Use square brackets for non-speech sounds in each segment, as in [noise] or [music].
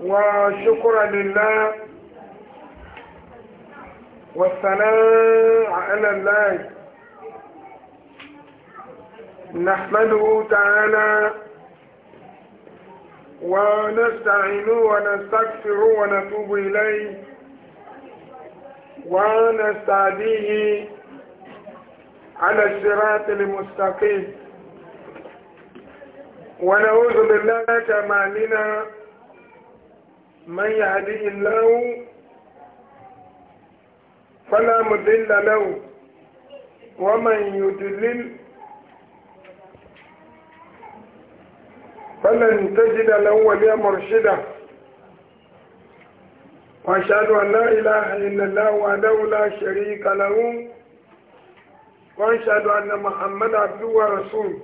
وشكرا لله والثناء على الله نحمده تعالى ونستعين ونستغفر ونتوب إليه ونستعديه على الصراط المستقيم ونعوذ بالله كمالنا من يهدي الله فلا مضل له ومن يضلل فلن تجد له وليا مرشدا واشهد ان لا اله الا الله وحده لا شريك له واشهد ان محمدا عبده ورسوله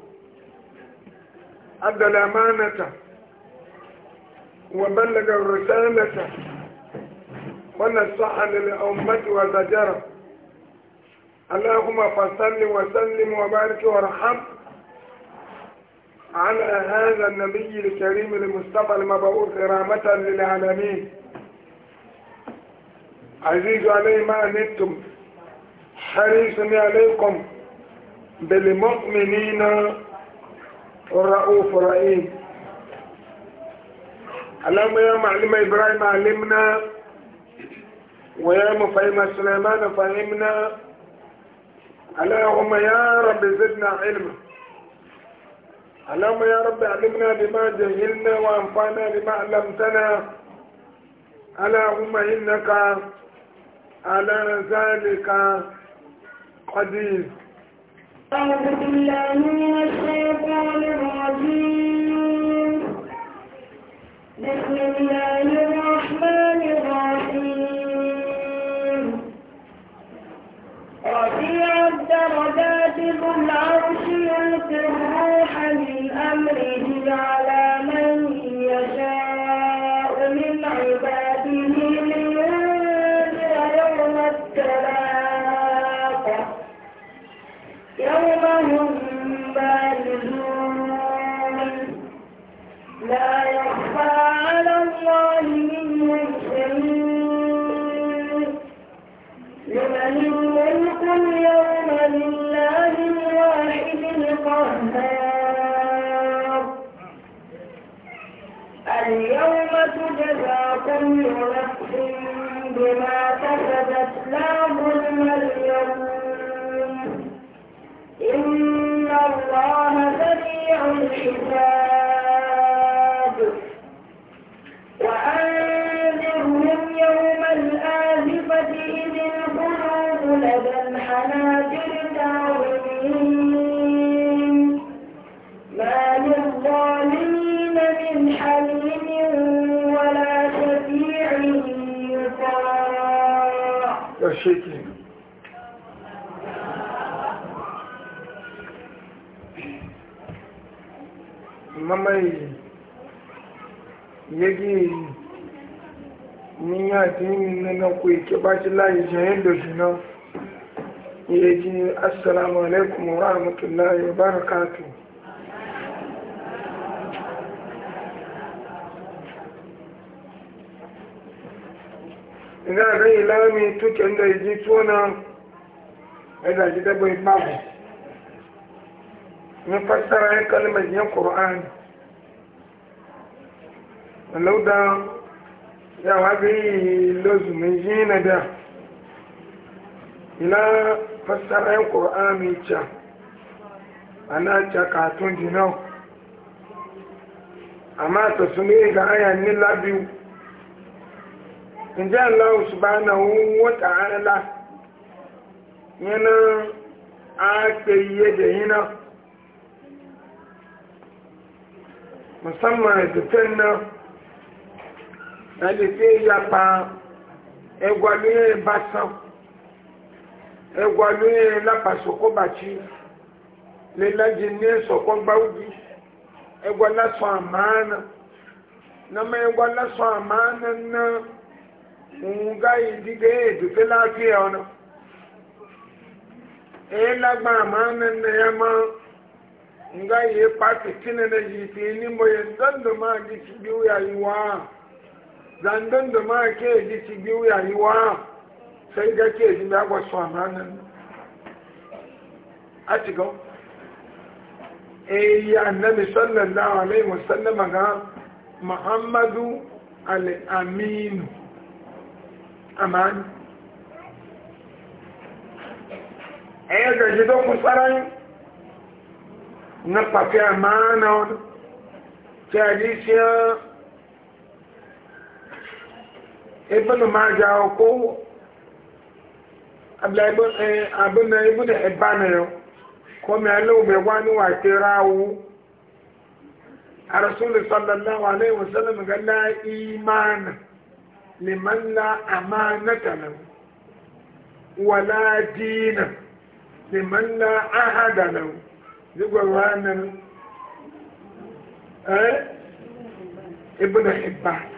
ادى الامانه وبلغ الرسالة ونصح للأمة وزجرة اللهم فصل وسلم وبارك وارحم على هذا النبي الكريم المصطفى المبعوث رحمة للعالمين عزيز علي ما أنتم حريص عليكم بالمؤمنين الرؤوف رئيم اللهم يا معلم إبراهيم علمنا ويا مفهم سليمان فهمنا اللهم يا رب زدنا علما اللهم يا رب علمنا بما جهلنا وانفعنا بما علمتنا اللهم انك على ذلك قدير أعوذ بالله من الشيطان الرجيم بسم الله الرحمن الرحيم رفيع الدرجات ذو العرش يلقي الروح من أمره على وما الله من اليوم لله الواحد القهار اليوم تجزى كل نفس بما كسبت لا ظلم اليوم إن الله سريع الحساب mama ke mamaye yage ni ya tini na na ku ke ba ci layi jayen da shi na yaji nga ga ilami tuke nda iji tuna ida e ji da bai babu e ni fassara ya kalmar yin qur'an lauda ya wabi lozumin jina da ila fassara yin e qur'an cha ana cha katun dinau amma ta sune ga ayan ni labiyu ǹjẹ́ Allah subhanahu wa ta'ala yẹnà á pè iye dè yínà musamman ìdùtẹ́ náà ẹni yapa ẹgwàlúyẹ ìbásan ẹgwàlúyẹ lápasòkóbàtí lẹ́lájì ní sọ̀kọ́ gbáwùjí ẹgwàlásọ̀ àmáàna nàmọ́ ẹgwàlásọ̀ àmáàna náà ngai dige dufe lafiya wani e lagba ma nan na ya ma ngai ye pati tina na yi ti ni mo ye dondo ma gi ci biu ya yi wa zan dondo ma ke gi ci biu ya yi wa sai ga ke ji ba gwa so ma nan a go e ya annabi sallallahu alaihi wasallam ga muhammadu al-aminu amani ẹ̀yẹ́ gẹ̀ẹ́jì tó kún sára yìí na pàfẹ́ àmáàna ọdún tí a jí sí ọ́ ibùn máa jà ọkọ̀ abúlé ibùn ẹ̀bá nìyọ kọ́ mi alóòbẹ̀ wá níwà tí ráwú a rasúlù sallallahu ga liman la amanata lahu wala dina liman la ahada lahu zugwarwa nan eh ibn hibban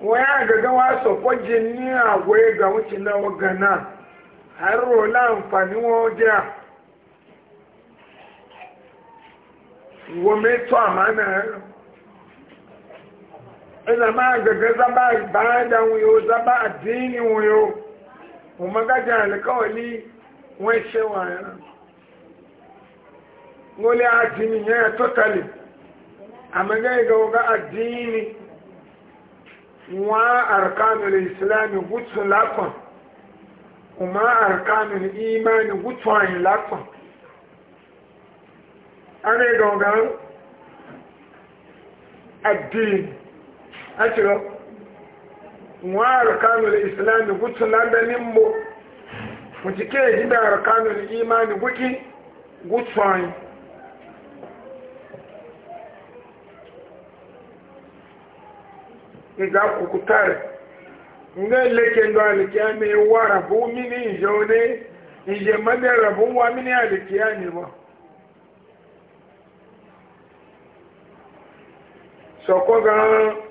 waya gaga wasu kwajin ni agwai ga wuce na wagana har rola amfani wajen wọ́n mẹ́tọ́ àmà náà ina ma gaga zaba ibada wuyo zaba addini wuyo kuma gaja alkawali wai shewa yana ngole addini ya totally amma ga ga ga addini wa arkanul islam gutsu lakon kuma arkanul imani gutsu ayin lakon ana ga ga addini akiro muwar kanul islami gutsun landanin mu mutike kanu kanul imani guki gutsun iga kukutar nga leke ndo alikiyami wa rabu mini ijone ije made rabu wa mini alikiyami ba soko gan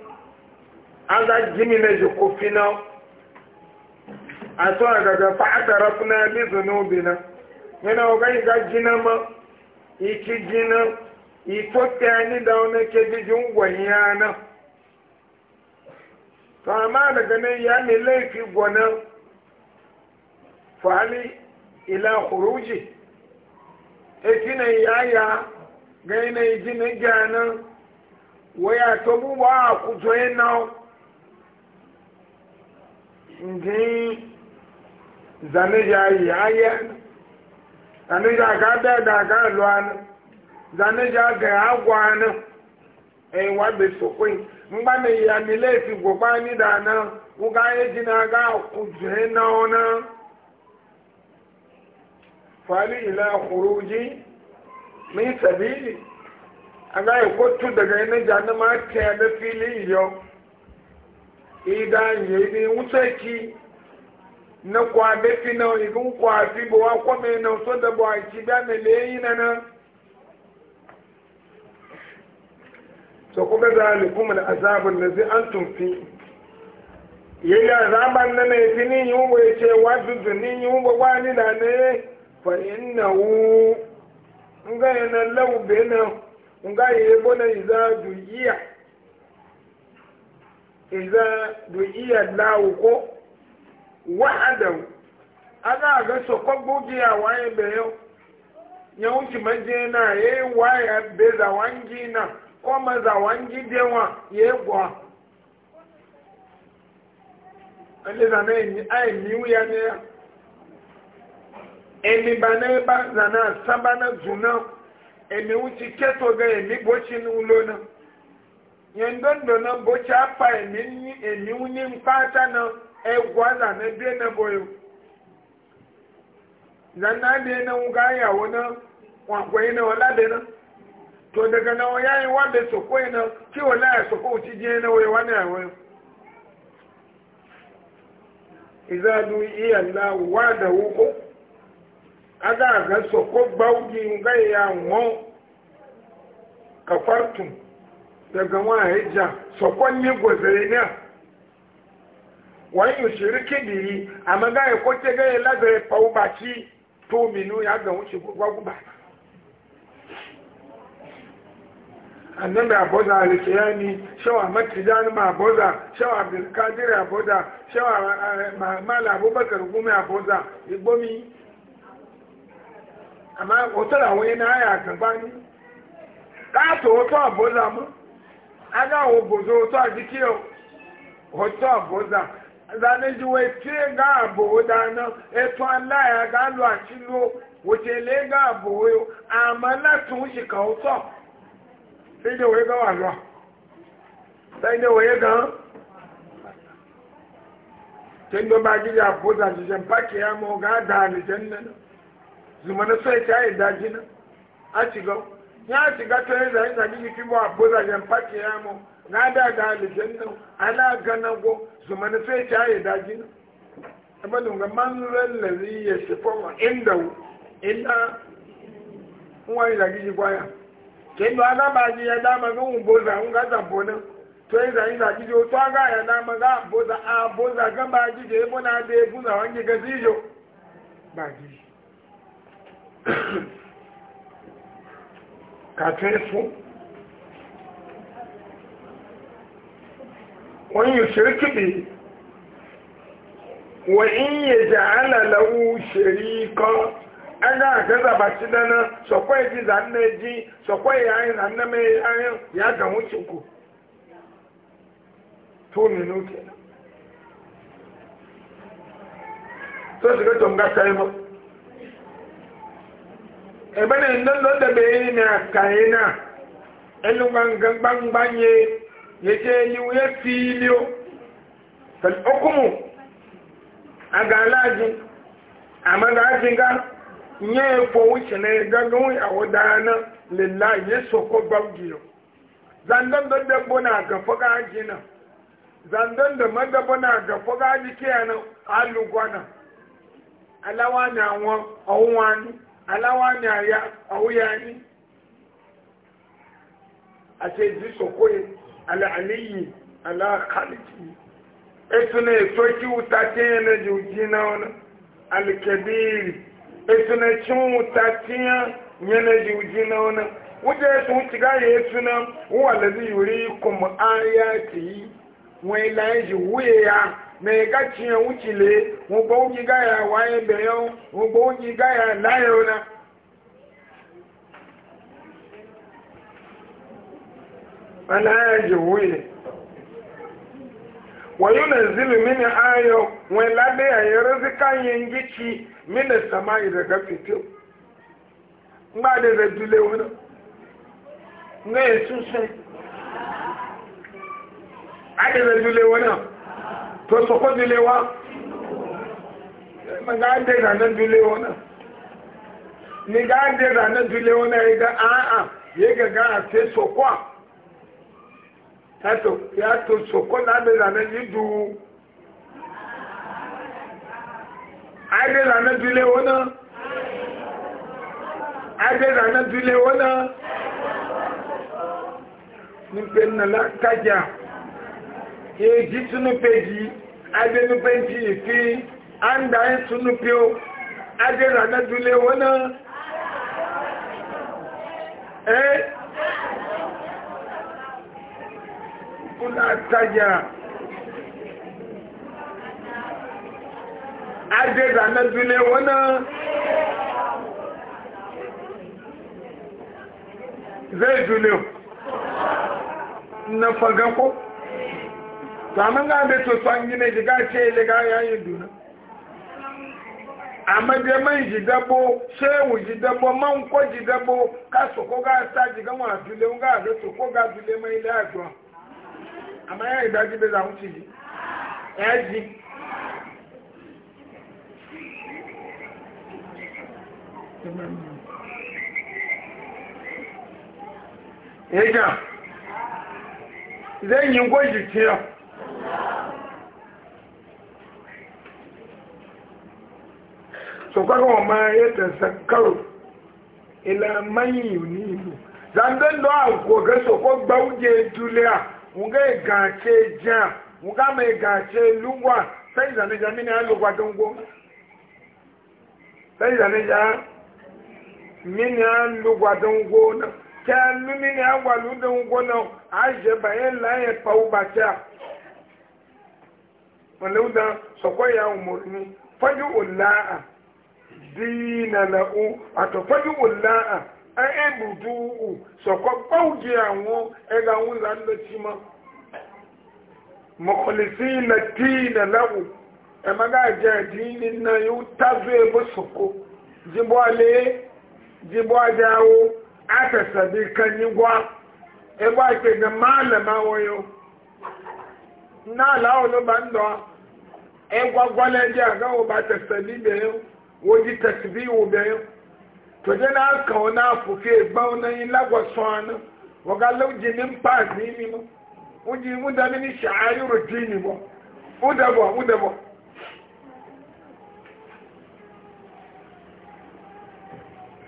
an za jimi na ji kofi na a agaga a gaga fa'ata rafina bi zunubi na yana oga yi ga jina ma iki jina ito tani da wani ke jijin gwanya na to amma daga nan ya mi laifi gwana fali ila huruji e na yaya ga yanayi jinin gyanan waya to buwa a kujoyin nawa nge zane ya yi aya zane ya ga da da ga luwana zane ya ga agwa na e wa be so kwin ngba ne ya mi le fi go pa ni da na u ga ye jina ga ku je na ona fali ila khuruji min sabili aga ko tu daga ina jana ma ta da fili yo ida nye ibi ki na kwa befi na ibi kwa fi bo wa me na so da bo aki ba me le yin na na to ko ga zalikum al azab allazi antum fi yayi azaban na ne fi ni yu we ce wa dudu ni yu bo wa ni na ne fa innahu nga yana law bena nga yebo na iza iza du'iya lawo ko wa'adau ana ga sokon bugiya waye bayo ya wuce maje na ya yi waya be zawangi na ko ma zawangi dewa ya yi gwa ale zana yi miwu ya ne ya emi ba na eba zana saba na zuna emi wuce keto ga emi bocin ulo na yendondo na bochi apa emiwunye mkpata na egwaza na bie na boyo zanna adịghị na nwuga yawo na wakwaye na wala dị na to daga na waya yi wabe sokwe na ki wala ya sokwe uci jiye na waya wani yawo iza du iya la wa da wuko aga ga sokwe gbaugi nga ya nwo kafartum daga wahija sokwanni gwazare na wani yushiri kibiri a magaya kwace gaya lazare faubaci to minu ya ga wuce gwagwagwa annabi aboza alikiyani shawa matijani ma aboza shawa abdulkadir aboza shawa mahamala abubakar gumi aboza igbomi amma otu da wani na ya gaba ni ka to otu aboza mu aga obodo otu adike otu aboza zanejiwe tie ga da na etu alaya ga alụ achilo wotele ga yo ama latun shi ka o otu sai da waye ga walwa sai da waye ga tun da ba gidi aboza jijen pake ya ma ga da alijan na? zuma na so ya ta yi daji na a ci gau ya shiga ta yi zai zagi yi kimo a buza yan fake ya mu na da ga alijin nan ala gana go su manufe ta yi daji nan amma dunga man lallazi ya shifo wa inda illa wani zagi shi kwaya kendo ala ba ji ya dama ga un boza un ga zambo nan to yi zai zagi jo to ga ya dama ga boza a boza ga ba ji je muna da ya buza wani ga zijo ba ji kàtún ẹ̀fọ́ wọ́n yìí ṣe kìbì wọ́n yìí yẹ̀jẹ̀ alàlàwò ṣèrí kan ẹgbẹ́ àgbẹ́zàbà ti dáná sọ̀kọ́ èjì zànà èjì sọ̀kọ́ ìyáyìn zànà ya ga ṣòkò tó nínú kẹ́ tó sì kẹ́ tó ń gá ebene ndondo debe na kaena elu ganga bangbanye ya liu ye filio kal okumu aga alaji amaga ajinga nye fo wuce na gaga wi na lillahi yeso ko babgiyo zandon do debbo na ga foga na zandanda da madabo na ga foga na alugwa na alawa na won awon wani aláwa ni àyà àwòyá yín àti èdè sọ̀kóyè alẹ́ àléyìn aláàkálìkì ètò náà ètò ẹkí wùtá téèyàn náà di òjì náà wọn alìkẹ́bíìrì ètò náà tí wùtá téèyàn yẹn náà di òjì náà wọn wọ́n ètò wọ́n ti gáyé ètò náà wọ́n wà lẹ́bí yòrí kọ̀mọ̀ áyá tì í wọ́n ilá ẹ̀jẹ̀ wúyẹ̀ yá. me ga ci wuci le mu bo ji ga ya waye be yo mu bo ga ya la yo na ana ji wuye wa yunzilu min ayo wa la de ya rizikan yin ci min samai daga fito ngba de da dule wona ngai susun ade da dule wona to soko dilewa ga de ranar dilewa na ni ga de ranar dilewa na ya e ga a'a ya ga ga a ce soko ta to ya to soko na de ranar yidu ai na ai èjì túnúpé jì adénúpé jì fi àǹdà ń túnúpé ó adéra nẹ́dúlé wọn náà ẹ́ kúlá tajà adéra nẹ́dúlé wọn náà zai dúlé na fagakọ́ amma ga da to san gine gaa gace ile ga yayin duna amma da man ji dabo shehu ji dabo man ko ji dabo ka so ko ga ji ga wa dule ga ga so ko ga mai ajo amma ya ji be za mu ci ya ji Eja, zai tiyo. so kaga wa ma ya tasakkaru ila man yunibu zandan do an ko ga so ko gbauje dulia nga ga ce ja nga me ga ce lugwa sai zane ja mini an lugwa dongo sai zane ja mini an lugwa dongo na kya mini an gwa lu dongo na a je bayan e la ya e pau ba ta wala udan so ko ya umurni faju ullaa dina lahu atɔfɔdi wòlaa a ebudu u sɔkɔ bawu di àwọn ɛga ŋu la ŋu lɛtsi ma mɔkɔlisi na dina lahu ɛmɛ ga dza dini na yi wo tazu yɛ bɛ sɔkɔ dzibɔ ale dzibɔ adiawo atɛsɛ bi kanyigba ebo ake ne maa lɛ ma wɔ yio naa la wo ne ba ŋdɔ egwagbɔ lɛ di aga wo ba tɛsɛ bi bɛ yio. woji tasbihu bɛn to de na kan o na fufi egbawo na yin lagwa sɔn na waga lawji ni mpa zini mo wuji mu da mi ni shaari ro dini mo mu da bɔ mu da bɔ.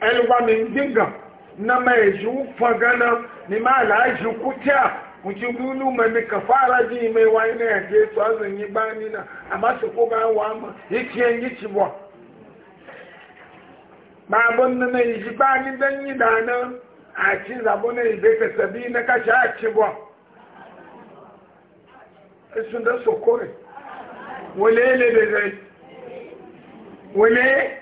ɛlwa mi dinga na ma yi ezu fagana ni ma la ezu kutia nti lulu ma mi kafara di mi wa ina ya jesu azun yi ba ni na amma su ko ga wa ma yi tiyan yi ci bɔ. babon na na yi ba ni dan yi dana a ci zabo na ibe ka sabi na kashe a ci ba sun da sokore wale le da zai wale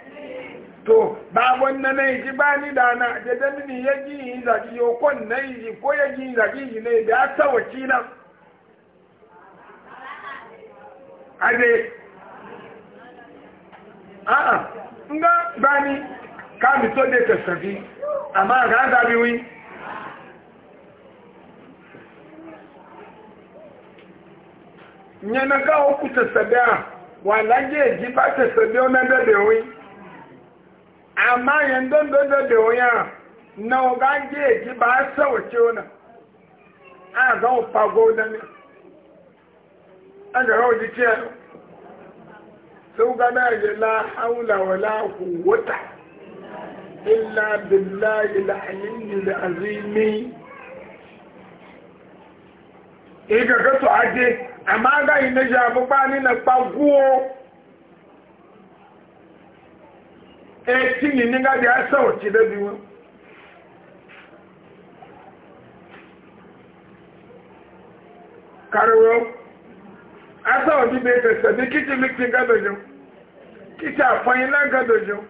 to babon na na yi ba ni dana da damini ya ji yi zaki yau kwan na yi ko ya ji zaki yi ne da ya tawaci nan ade a'a nga bani káàmì tó dé tẹ̀sẹ̀ fi àmá àgáńdà bí wí nyẹnaka okú tẹ̀sẹ̀ bí a wà láyé èjì bá tẹ̀sẹ̀ bí ó nẹ́dẹ̀ dẹ̀ wí àmá yẹn dọ́ndọ́ dẹ̀ wí à na ọ̀gá jẹ́ èjì bá sẹ́wọ̀ tí ó nà àgá òpagó dání agàrá òjì tí ẹ sọ́gbà náà lá kò wọ́ta. إلا بالله العلي العظيم إيجا كتو عدي أما غا ينجا بقاني نقبوه eti ni ninga di asa oti da biwa karwo asa oti be ta sabi kiti mikti ga dojo kiti afanyi la ga dojo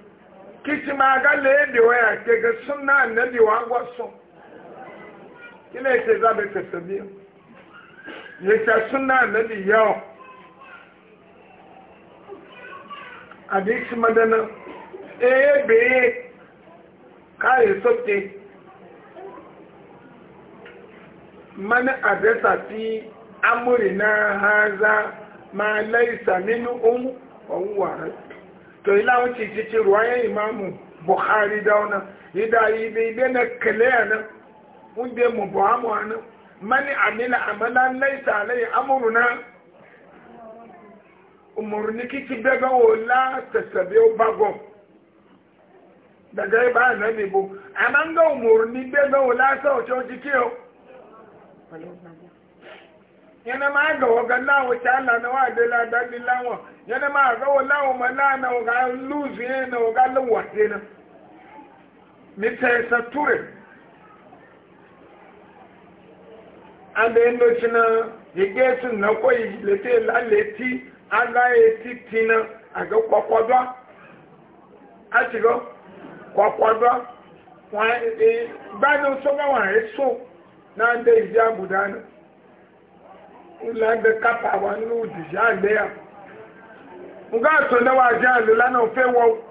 kici ma ga lede waya ke ga sunna annabi wa gwaso kila ke za be tasabiya ya ta sunna annabi yau hadisi madana ebe kare sote mana adresa fi ha haza ma laisa minu um wa huwa to ila wuce cikin ruwayen imamu buhari dauna ida yi bai bai na kalaya nan wunde mu buhamu ana mani amila amalan laisa alai amuruna umurni kiki daga wala ta sabi bagon daga yi ba na nebo a nan ga umarni daga wala sa wace wace kiyo yana ma ga waga lawo ta Allah na wa adela la da bi lawo yana ma ga wa lawo ma la na ga lose ne na ga lawa ne na mi ta sa ture an da na yage sun na koyi lete laleti an eti tina a ga kwakwadwa a shiga kwakwadwa gbadon e, sogawa ya e so na da ija budana ńlá gbé kápá wa ní òjìjà àgbéyà nga ato na waje alula na ofe wo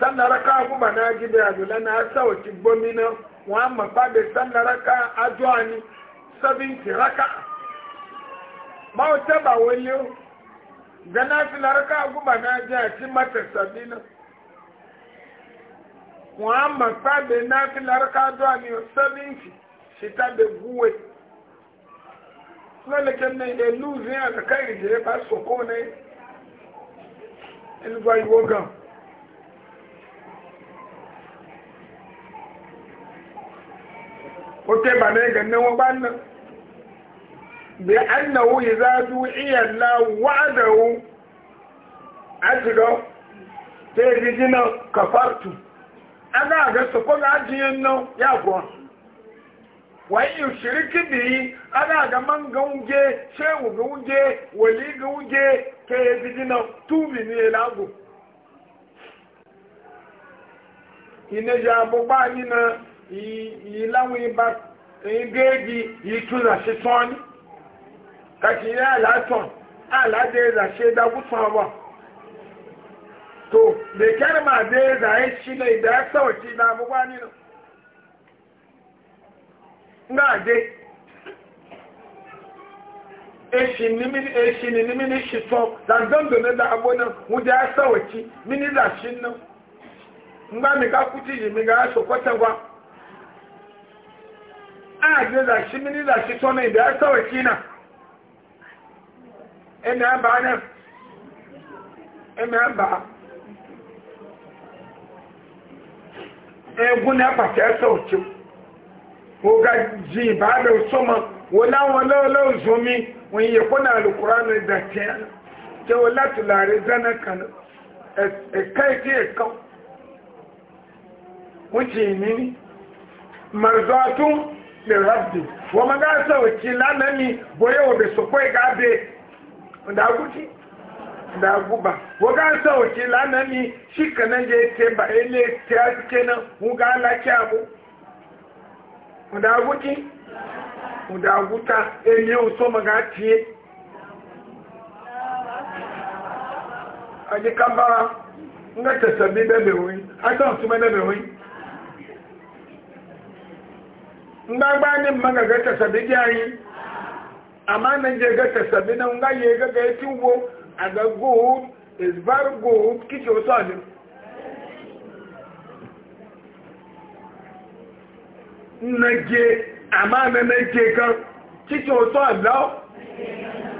sanara ka agụba na agibe alula na asa oti gbomina wọn ama pabe sanara ka ajo anyị sabinti raka ma o taba wele o gana asilara ka na aje ati mata sabina wọn ama pabe na asilara ka ajo anyị sabinti shita lalaken nan da luzin a ga kai da ya ba su ko ne in ba yi wogan wata ba ne ganin wa ban nan bi annahu idza du'iya la wa'adahu ajra wani yushiriki biyi ana ga man ga wuje shehu ga wuje wali ga wuje ka ya ji jina tubi ne lagu ina ya abubuwa ni na yi lawon ba yi geji yi tuna shi toni kaki ni alaton alade da she da gusan ba to da kyar ma da ya zaye shi na idan ya sawaci na abubuwa ni na gáàdé eshini ni mini shito zanzando na da abona wuje ya sawaci mini da shin nan ngba mi ka kuti ji mi ga so kwata gwa a je da shi mini da shito na da ya sawaci na ina ba na ina ba egun na pàtẹ́ sọ̀tún oga ji ba da usoma wala wala wala zumi wani ya kuna alkurani da tiya ke wala tulare zana kan e, e kai ti e kan wuce ni marzatun da rabbi wa maga sa wuce lanani boye wa bai sokwai gabe da guci da guba waga sa wuce lanani shi kanan je te ba ele te aske nan wuga lafiya mu mudaguti mudaguta emi uso ga tie aji kambara nga tasabi bebe wi ata nsuma bebe wi ngbagba ni mmaga ga tasabi di anyi amma nan je ga tasabi na nga ya ga ga eti wo aga good is very good kicho so nage ama na nage kan cikin wasu allah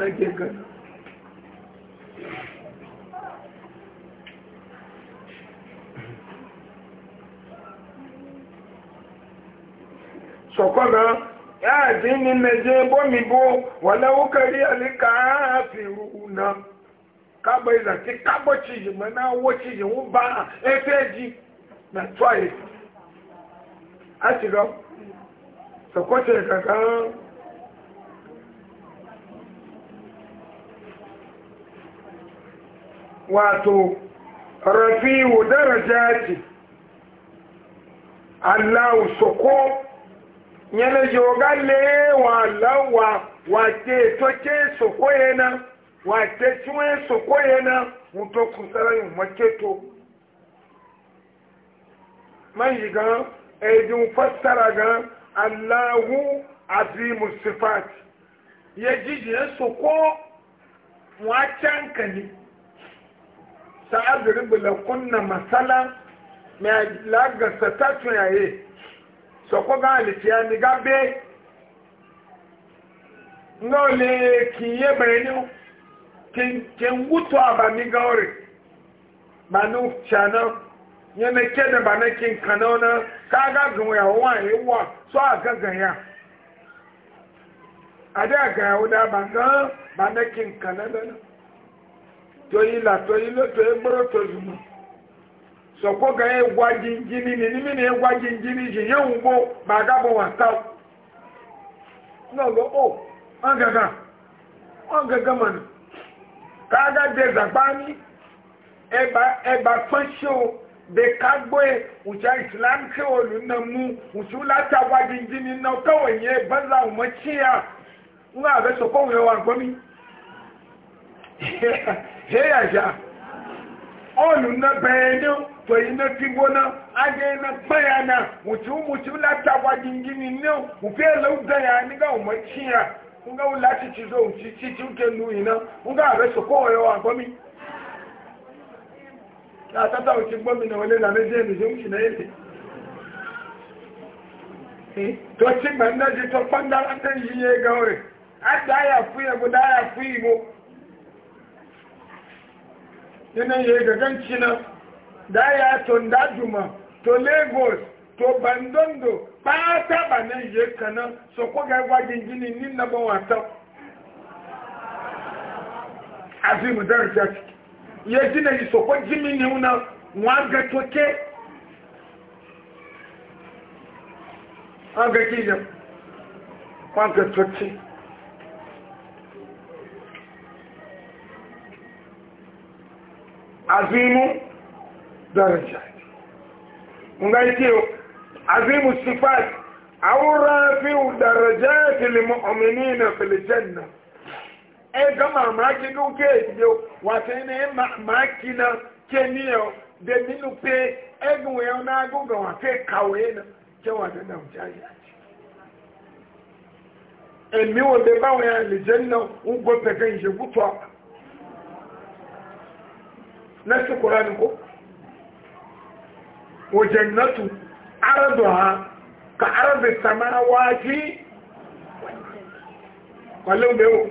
nage kan sọ̀kọ́nà yáàdí ní nàíjẹ́ bọ́mìbó wà láwókàrí àríkà ààfìrú na kábọ̀ ìlà tí kábọ̀ chìyì mọ́ náà wó chìyì ń bá ẹfẹ́ jí nà tọ́ àyè sọ̀kọ́tẹ̀ kankan wato rafi'u darajati Allahu sọ̀kọ́ yana yoga lewa lawa wate toke sọ̀kọ́ yana wate tiwe sọ̀kọ́ yana mutu kusara yin maketo man yi gan ejin fassara gan aláwú azimu sifat yẹ jíjì yẹ sọkọ wọn á kí ànkàní sa'adiri bulakun na masala mai lagasa ta tunaye sọkọ ga alitiya ni gabe náà lè kì í yé bẹ̀rẹ̀ ní kì ń wútọ́ àbàmì gáwọ̀rẹ̀ bàánú yẹn ní kéde bàánú kí n náà kaga gawo ya wa yi wa so aka gaya a da gaya wuda ba ga ba na kin kanada na to yi la to yi lo to yi gboro to zuma so ko ga yi gwa jinjini ni ni mini yi gwa jinjini ji ya ugbo ba ga bo wa ta no go o oh, an gaga an gaga mana kaga de zagbani eba eba fansho be kagbe ucha islam ke olu na mu uchu la tagwa jinjini na ka wonye banza umachiya nga be so ko wa ngomi [laughs] he ya ja olu na benyo to ina tigona ade na bayana uchu muchu la tagwa jinjini ne ufe lo da ya ni ga umachiya nga ulati chizo uchi chichi ukenu ina nga be so ko wa ngomi na tata òkè gbọ́mìnà wọlé làmẹ́jì ẹ̀mìjì ń ṣìnà èdè tó tí gbà ń dájú tó pọ́ndá látẹ́ yìí yẹ gan rẹ̀ á dáyà fún ẹ̀bù dáyà fún ìbò nínú yẹ gẹ̀gẹ́ ń ṣìnà dáyà tó ń dájúmọ̀ tó lagos tó bandondo pátá bà ní yẹ kaná sọkọ́ gẹ́gbà gíngíní nínú bọ́ wà tán àfi mùdárì jákìkì yẹ jí na ìsọ̀kọ́ jí mi ni wọn wọn agẹ́tọ́ ké agẹ́tọ́ yẹ wọn agẹ́tọ́ ké. azimu daraja ngai tiyo sifat au rafiu darajati lilmu'minina fil janna e ga mamaki nuke ejiyo wata ne mamaki na keniyo da minupe egun yau na agunga wata kawe na cewa da na wuce ya ce emi wanda ba wa ya lijen nan ugbo pepe ije gutuwa na su kurani ko wajen natu aradu ha ka aradu samawa ji kwallon bewo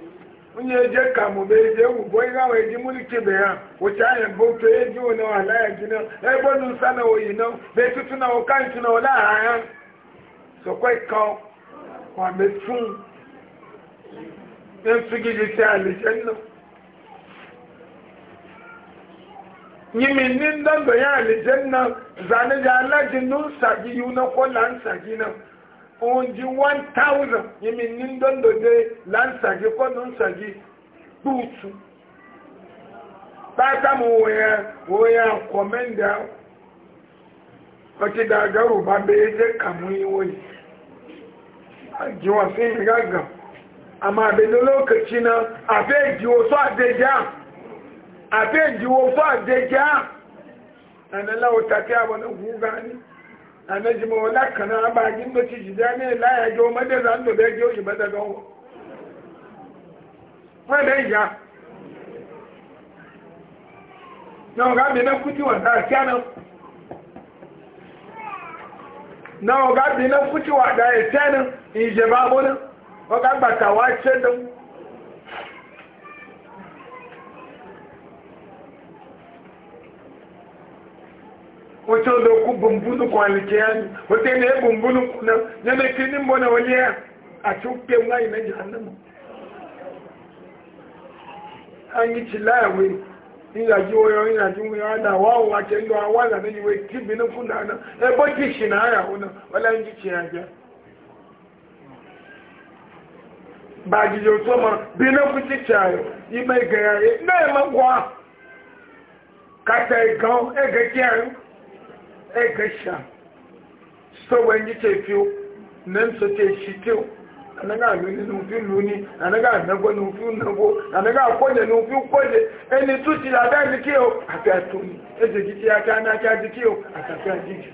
onye je ka mụba eje egwugbo ihe ahụ eji mulikibe ya wụcha anya bụ otu eji one ala ya ji na ebe nu nsa na oyi na be tutu na ụka ntu na ole aha ya sokwe ka kwa etu gị ji alije nna yimi ni ndando ya alije nna zane ji ala ji nu nsa gị yi na kwọla nsa gị na onji 1000 yimi ni ndondo de lansagi kono nsagi gbutu tata mu wuya wuya komenda kati da garu ba be je kamu iwoyi aji ama be no lokaci na afe ji wo so adeja afe ji wo so adeja ana la o tati abona hu gani anajima wala kana ba jin da ci shi zane la ya jo mada zan da bai jo shi bada gawo fa da ya na ga bi na kuti wa da kana na ga bi na kuti wa da ya tana in je ba bona o ga bata wa ce dan wato da ku bumbunu kwalike ya wato ne bumbunu kuna ya mai kinin wani ya a cuke na jihannama an yi cilawe ìyàjí oyo ìyàjí oyo ada wà wà tẹ ń lọ àwọn àlànà ìwé kíbi ní fún dáadáa shi na í ṣì náà yàwó ji wọ́n lẹ́yìn ba tiẹ̀ jẹ́ bàjìjì tó mọ bí iná kú ti tẹ̀ ayọ̀ ìmọ̀ ìgẹ̀yà yìí náà e ga sha so wani shi tiyo anaga luni nufi luni anaga anago nufi nago anaga nufi kode ẹni tún ti yàtá ìdíkí o àti àtúni ẹsẹ̀kí ti yàtá anáka ìdíkí o àtàkì àdíjì.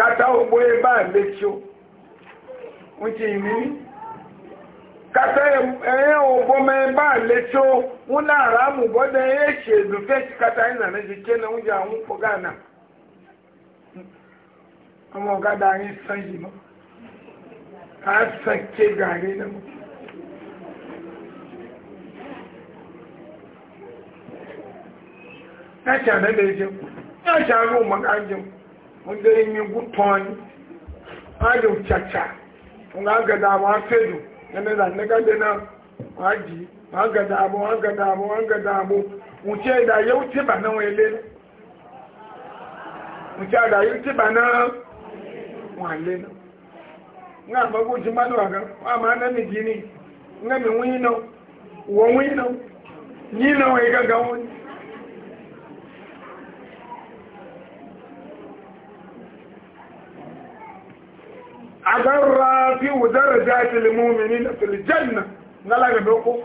kata ogbo ebe a lechio nche imi kata enye eh, ogbo ma ebe a na-ara amụbodo enye eh, echi ezufe chikata anyị na na anwụ pụga na ọmọ ọgada anyị san yìí a san ké gàrí náà mọ́ ẹ̀ṣà wanda yin yi gutoni adin caca nga ga da ma fedu yana da na gada na ga da abu ma ga da dị ma ga da abu wuce da yau ci ba nan wuce da yau ci ba nan wale na nga ba go ji malu aga wa ma na mi gini nga mi wino wo na ga ga rafi agarra fi darajatil mu'minina fil janna ngala ga doko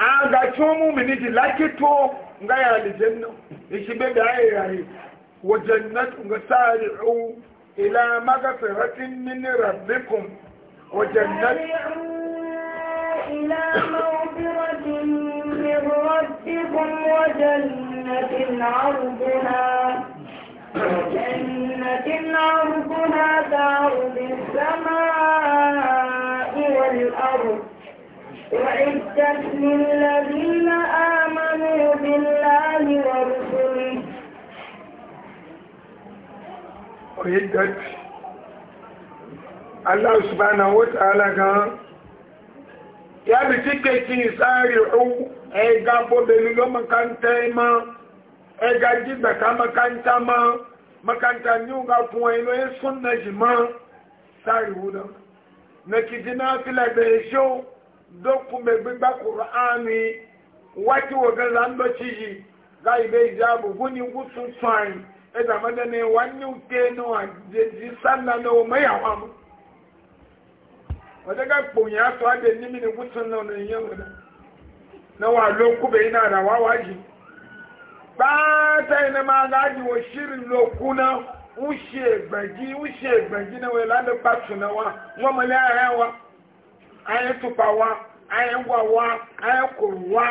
aga cho mu'mini ji lakito ngaya aljanna ishi bebe ayi ayi wa jannatu ngasari'u ila maghfiratin min rabbikum wa jannatu إلى مغفرة من wajen وجنة عرضها وجنة ولكن عرضها كعرض السماء والأرض وعدت للذين آمنوا بالله ورسله وعدت Allah subhanahu wa ta'ala gan ya bi tike ti sari'u e ga bo be lo makanta ma e ga jida ka makanta ma makanta ni nga kuma ino ya sunna jima sari wuda na kiji na fila da ya sho doku mai gbigba ƙura'ani waki waga zando ciji za a ibe ijabu guni gusu tsayin eda mada ne wani uke no a jeji sanna na o mai hawa mu wadda ga kponya to a da nimi ne gusun na wani yawon na wa lokuba ina da wawaji báátá iná máa láàájú wọ ṣírí lókú náà ń ṣe ìgbẹ̀jì ń ṣe ìgbẹ̀jì náà wọ ìlànà pàtó náà wá wọ́n mọ̀lẹ́ ara wa ayé tupa wa ayé wà wa ayé kò wá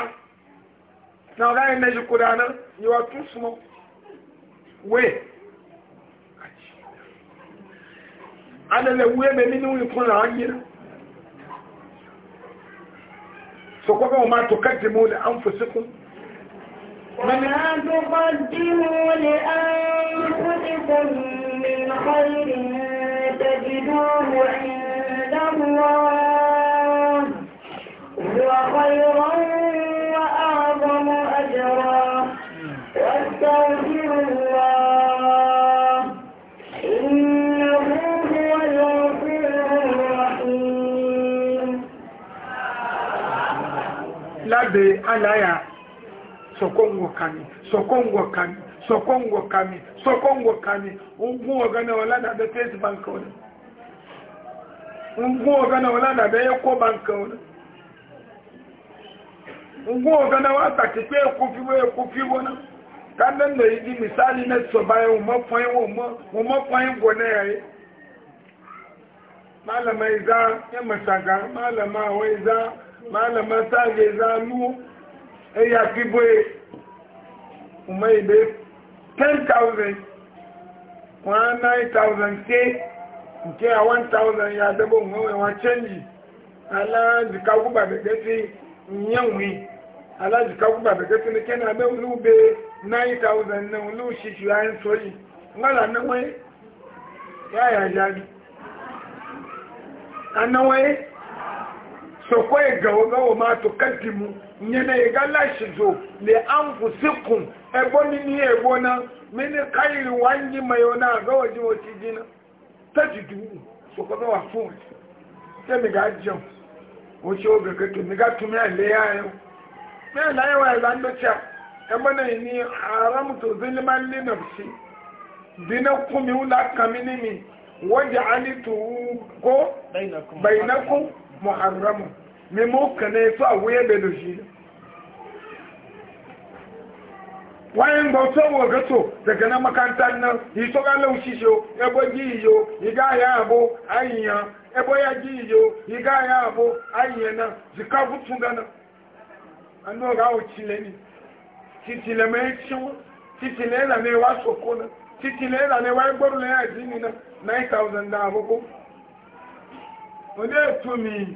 náà ọ̀gá yẹn lẹ́yìn kúrò àná yíwá tún súnmọ́ wé alẹ́lẹ̀ wúyẹ́ bẹ́ẹ̀ nínú ìfúnra ayé náà. so kwa kwa umatu kadimu li anfusikum وما تقدموا لأنفسكم من خير تجدوه عند الله هو خيرا وأعظم أجرا واستغفر الله إنه هو الغفور الرحيم لدي أنا sokongo kami sokongo kami sokongo kami sokongo kami ungu ogana wala da be test bank ona ungu ogana wala da be yoko bank ona ungu ogana wa ta ti pe ku fi we ku fi wona kan nan da yi misali na so bayan mo fayin wo mo mo fayin go na yayi malama iza ya masaga malama waiza malama sage eya gbígbé ọmọ ìgbé ten thousand one nine thousand ṣe nke a one thousand ya dẹ́gbọ́ òun ọ̀wẹ̀ wọn chẹ́ǹjì aláàzìkáwó bàbẹ̀gẹ́ sí ìyẹ̀wìn aláàzìkáwó bàbẹ̀gẹ́ sí ní kẹ́ni abẹ́ olúbe nine thousand náà olúṣiṣu àìsọ yìí ńlá lànà wọ́n yáyà yá ni àná wọ́n yẹ́ sokwa gawo ga oga wa mato kaddimu nyana ya ga lashi zo le an fusikun ebo ni ni ebo na mene kairi wangi mayo na ga waje wace jina ta ji dubu sokwa ga wa fun ta mi ga jan wace oga ga to mi ga tumi ale ya yo me la ya wa la ndo cha ebo na ni haram to zulman li nafsi dina kumi ula kamini mi waja'alitu ko bainakum muharramun mímú kẹ̀lé na àwòyẹ́ bẹ̀rẹ̀ sí i wáyé ń gbọ́ tó wọ̀ gẹ́tò daga na makanta náà yìí tó gálẹ̀ òṣìṣẹ́ ẹgbẹ́ jí iyo ìgá àyà àbò àyìyàn ẹgbẹ́ ya jí zika ni titi mẹ́rin tí wọ́n tìtìlẹ̀ ìlànà na sọ̀kọ́ náà tìtìlẹ̀ ìlànà ìwà ẹgbọ́rún 9000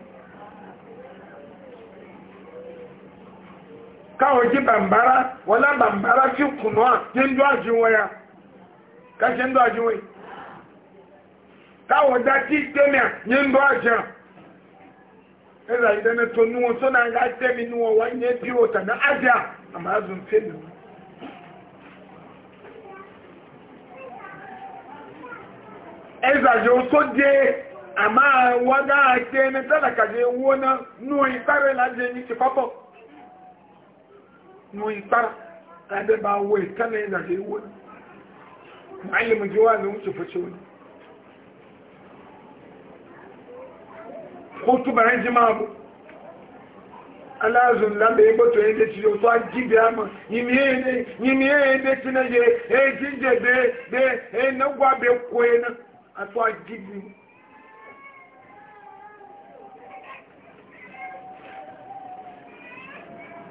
káwọn jí bàmbára wọlá bàmbára fi kùnú à jí ń dún àjúwọ́ ya káṣẹ́ ń dún àjúwọ́ yìí káwọn dá tí tẹ́mìà jí ń dún àjúwọ́ ẹ̀rọ ìdáná tó nú wọn tó náà ń gá tẹ́mi nú wọn wọ́n yẹn bí wọ́n tàná ájá àmà azùn fẹ́mi wọn. ẹ̀zàjò tó dé àmà wọ́n dá àti ẹni tẹ́lẹ̀kàjẹ́ wọ́n náà nú ìtàrẹ́ lájẹ́ ní ti pápọ̀ mu ikpara ade ba wo itana ina de wo muallimu jiwa ne wuce fice wani hutu baran jima bu alazun lambe ebo to ede ti o to ajibe ama yimi ede yimi ede ti na ye e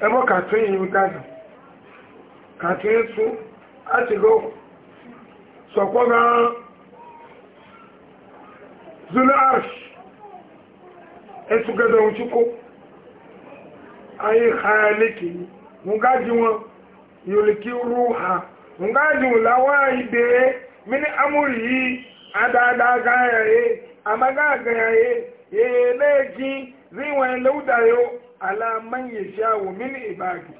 ẹmọ́ kàtún yìí gáàdà kàtún yìí tún á ti gọ́ sọ̀pọ̀ gan zulu arsh ẹtù gẹ́gẹ́ ohun tí kó ayé xayalẹ́kì yìí mú gáàdì wọn yòlìkí rúhà mú gáàdì wọn láwọn ìdè mini amúrì yìí adáadáa gáàyà yìí amagáàgáyà yìí yìí lẹ́ẹ̀kí zai wani lauda yau ala man ya sha wa min ibadi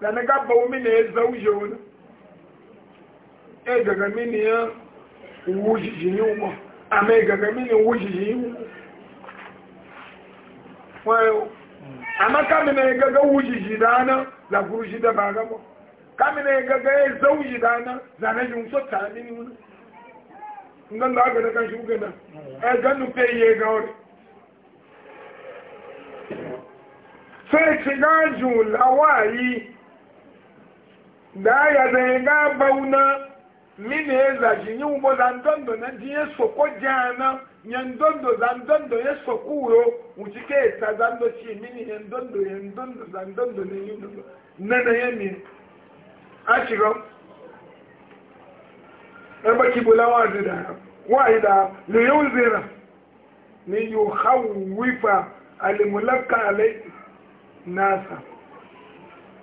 da na gaba wa min ya zauje wani e gaga min ya wuji jini wa a mai gaga min ya wuji jini wa amma kamin ya gaga wuji jidana da furushi da ba gaba ya gaga ya zauje dana zanajin sota mini wani ngan da aka da kan shi ugana e ganu pe ye ga wani sai shiga julawayi da ya zai ga bauna mini ya zaji yi ugbo zandondo na ji ya soko jana yandondo zandondo ya soko uro wucike ya ta zando ci mini yandondo yandondo zandondo na yi nuno na na ya mi a shiga ebe kibula wazi da wayi da liyun zira ni yi hawwifa alimulaka alaihi nasa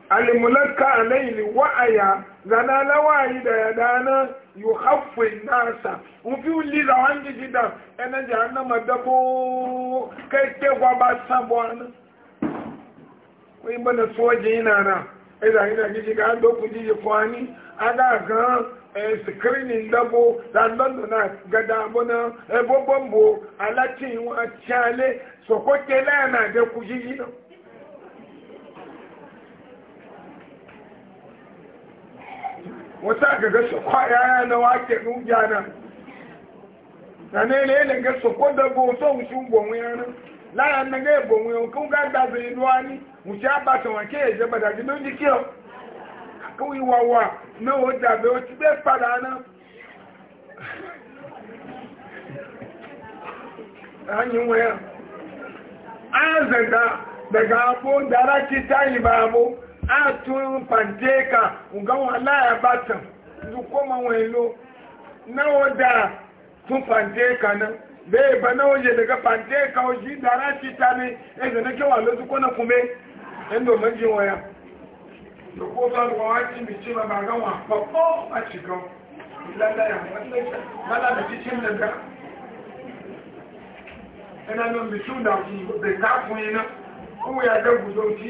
almulakka alayhi wa'aya zana la wayi da yadana yukhaffu nasa ufi li da wangi jida ena jahannama dabo kai ke ba sabwana ko imba na soje yana na ida ina gidi ga do ku ji kwani aga ga e, screening dabo da londo na gada bona e bobombo alati wa chale sokotela na de ku ji ina wata ga gasa kwaya na wake rubiya nan na nene ne gasa ko da bo so wucin gbomi yana lára nígbà ìbòmí òkú gágbà bèèrè lọ́wọ́ ní mùsí àbàtàn wọn kí èjẹ bàdàjì ló ń dí kí ọ àkúwò ìwà wà ní ó dàbẹ̀ o ti gbé padà náà ẹ̀yìn wọ́n yẹn á zẹ̀dá dẹ̀gà àbó dára a tun panteka ngan wala ya batan du koma wailo nawo da tun panteka nan bai ba nawo je daga panteka o ji dara ci ta ne e da nake walo du kona kume en do manji waya do ko ba ko wa ci mi ci ba ba ga wa popo a ci ko lalla ya lalla da ci cin da ina nan bisu da ku da ka ku ina ko ya da guzo ci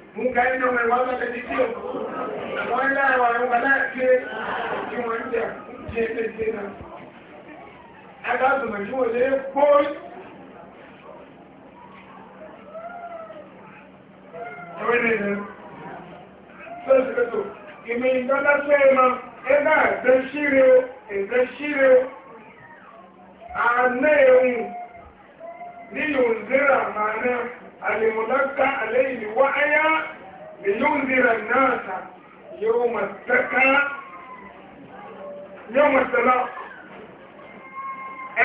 nkaenda umewapa tatizo wala waungalake kiwanja jete tena akazuma kiwele koi awenene sasa kato imeindana sema ena zashire zashire aneu niyunzira maana الملقى عليه وعيا لينذر الناس يوم التقى يوم التلاق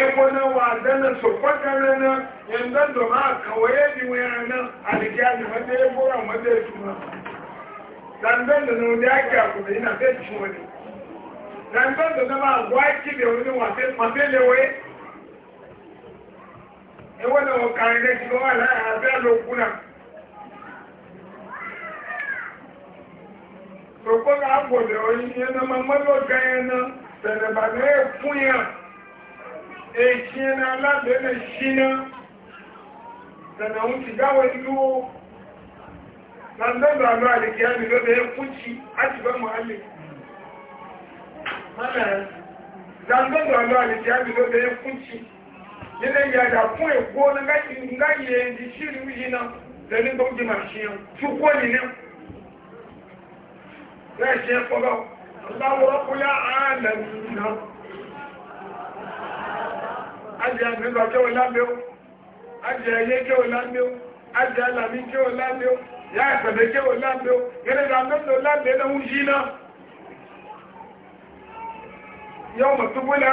ebona wa dana so kwatara na yanda da ma kawaye di wayana alikiyani mata ya bora mata ya tuna dandan da nan da yake aku da ina sai ciwo ewé náà wọ́n kàrin lé tí wọ́n wà láyé abẹ́ lókù náà. Rògbò náà gbòdè oyin yẹn náà máa mọ́lò gan yẹn náà tẹ̀lẹ̀bà náà fún yàn. Èyí náà lábẹ́ lè ṣí náà. Tẹ̀lẹ̀ òun ti dáwọ́ ìlú o. Làǹdọ́dọ̀ àlọ́ àlèkè àmì lọ́dọ̀ yẹn fún ti láti bá mọ̀ àlè. Mọ́lẹ̀ làǹdọ́dọ̀ àlọ́ àlèkè àmì lọ́dọ̀ yẹn fún ti yana yada fún èkó na nga yẹ ndi ṣírí wíyí na lẹni tó jí máa ṣe tí nìyẹn rẹ̀ ṣe fọ́gọ́ láwọ́rọ́ kó yá ààlẹ̀ nìyà ajẹ́ àgbẹ̀gbà kí o lábẹ́ o ajẹ́ ẹyẹ kí o lábẹ́ o ajẹ́ alàmì kí o lábẹ́ o yá ìpẹ̀lẹ̀ kí o lábẹ́ o yẹ́nì lábẹ́ lábẹ́ lẹ́hún tó gbọ́lá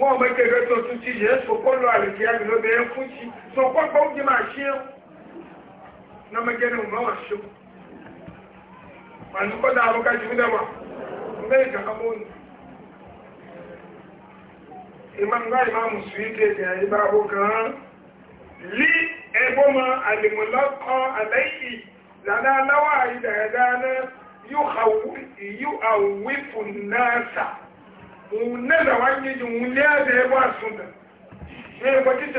wọ́n mọ ìkẹ́kẹ́ tó tún ti yẹ sọ́kọ́lọ́ àlèkè àmì ló bẹ̀rẹ̀ fún ti sọ́kọ́gbọ́ ó jẹ́ máa ṣe é na magana mu mawa shi wani ko da abokan shi da ba zai ga abun imam ga imam su yi te da yi ba abokan li eboma alimulakọ alaiki zana lawa yi da ya zana yu awifun nasa na da wani ji muliya da ya ba su da ne ba ki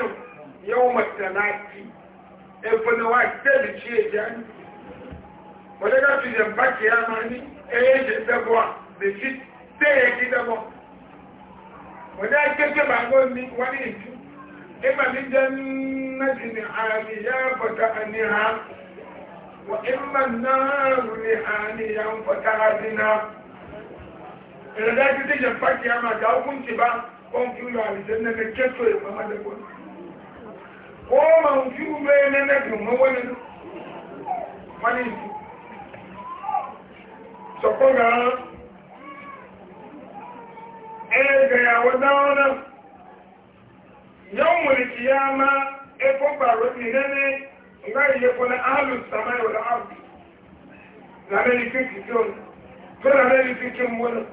yau matalati e fa na wa ta da ci ya ni wala ga tu ya ba ki ya ma ni e ye je da bo de ci te ye ki da ke ke ba go ni wani ni ju e ba ni jannati ni aliya fa ta anha wa imma an-nar li aliya fa ta adina ẹ̀rẹ̀dá ti tẹ́jẹ̀ pàtí àmà àdá ogun ti bá ohun fi yọ àrìsẹ́ nẹ́nẹ́ kẹ́tọ̀ ẹ̀ mọ́mọ́ dẹ́gbọ́ ó ma ń fi wú bẹ́ẹ̀ nẹ́nẹ́ kì mọ́ wọ́n nínú wọ́n ní ìsú sọ̀kọ́ gàá ẹlẹ́gẹ̀yàwó dáwọ́nà yóò mọ̀lì kì yá má ẹkọ́ gbàrọ̀ ìrẹ́nẹ́ ńgá ìyẹ́kọ́ ní áàlù sàmáyọ̀ láàbù làbẹ́ni kéèkì tí ó ń tó làbẹ́ni kéèkì mú náà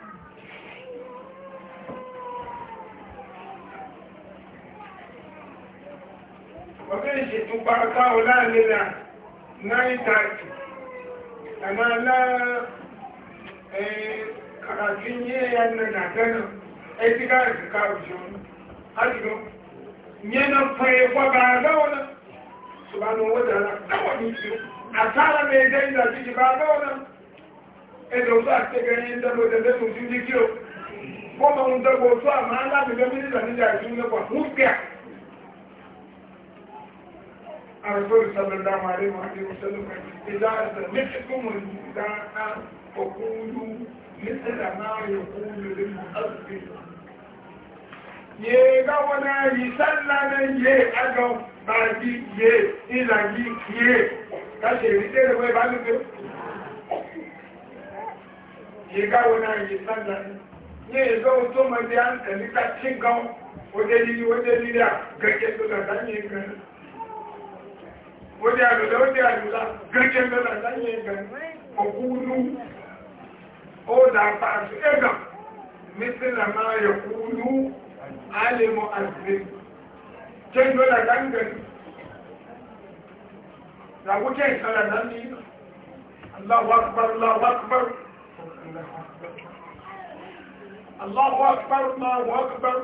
ọ̀fẹ́ ìṣètò pàápàá ọláàlélà 9:30 àmà aláàkàràfin yẹ́ ẹ̀yà nàdánà ẹ̀tíkà ìsìnká òjòun ájúgbọ́n nye na fún ẹ̀fọ́ bá agáwọ́nà ṣùgbọ́n owó dára ní ìṣẹ́ àtàrà mẹ́ẹ̀dẹ́ bá agáwọ́nà ẹ̀dọ̀ tó àtẹ́gẹ̀ẹ́ àrùsọ́rì sọ́lọ́dá màrí màrí òṣèlúmọ̀ ìdá ẹ̀sẹ̀ mẹ́tíkùnmù ìdá ọkùnrin mẹ́tẹ̀lá náà yóò kúrò lè mọ̀ ọ́sì yé gáwọ́nà yìí sálànà yé agọ́ bàájí yé ìlàjí yé káṣẹ̀ ìrítẹ́rẹ̀ wẹ́ bá lùgbé yé gáwọ́nà yìí sálànà yé ìzọ́wọ́ tó mọ̀ bí á ń tí gan ó dé lílí ó dé lílí à gẹ́gẹ́ tó dàdá yé gan ó dé àlùlá ó dé àlùlá gẹ́gẹ́ lọ́la láyé ẹgbẹ̀ òkúlú ó dàpá àti ẹgbà mísìlá máa yọ kúlú alẹ́mọ̀ àti jẹ́ lọ́la dáńgẹ̀ làwúkẹ́ ìsọ́lá dání Allahu akbar Allahu akbar Allahu akbar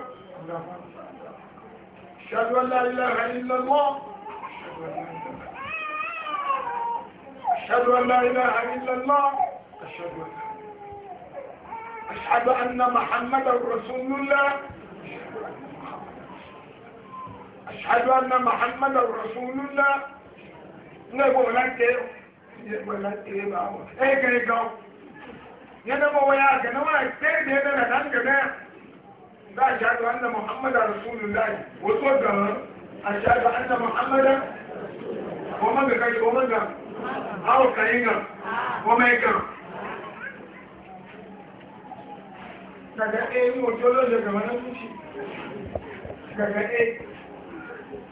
Allahu أشهد أن لا إله إلا الله أشهد أن أشهد أن محمدا رسول الله أشهد أن محمدا رسول الله نقول لك يقول لك إيه بابا إيه كي يقول نبى وياك نوع السيد هنا لنك لا أشهد أن محمدا رسول الله وصدق أشهد أن محمدا ومن قال ومن قال awo kayi gan ọmọ e ní òjò lóòjò gàmà náà tún ṣe gàgà e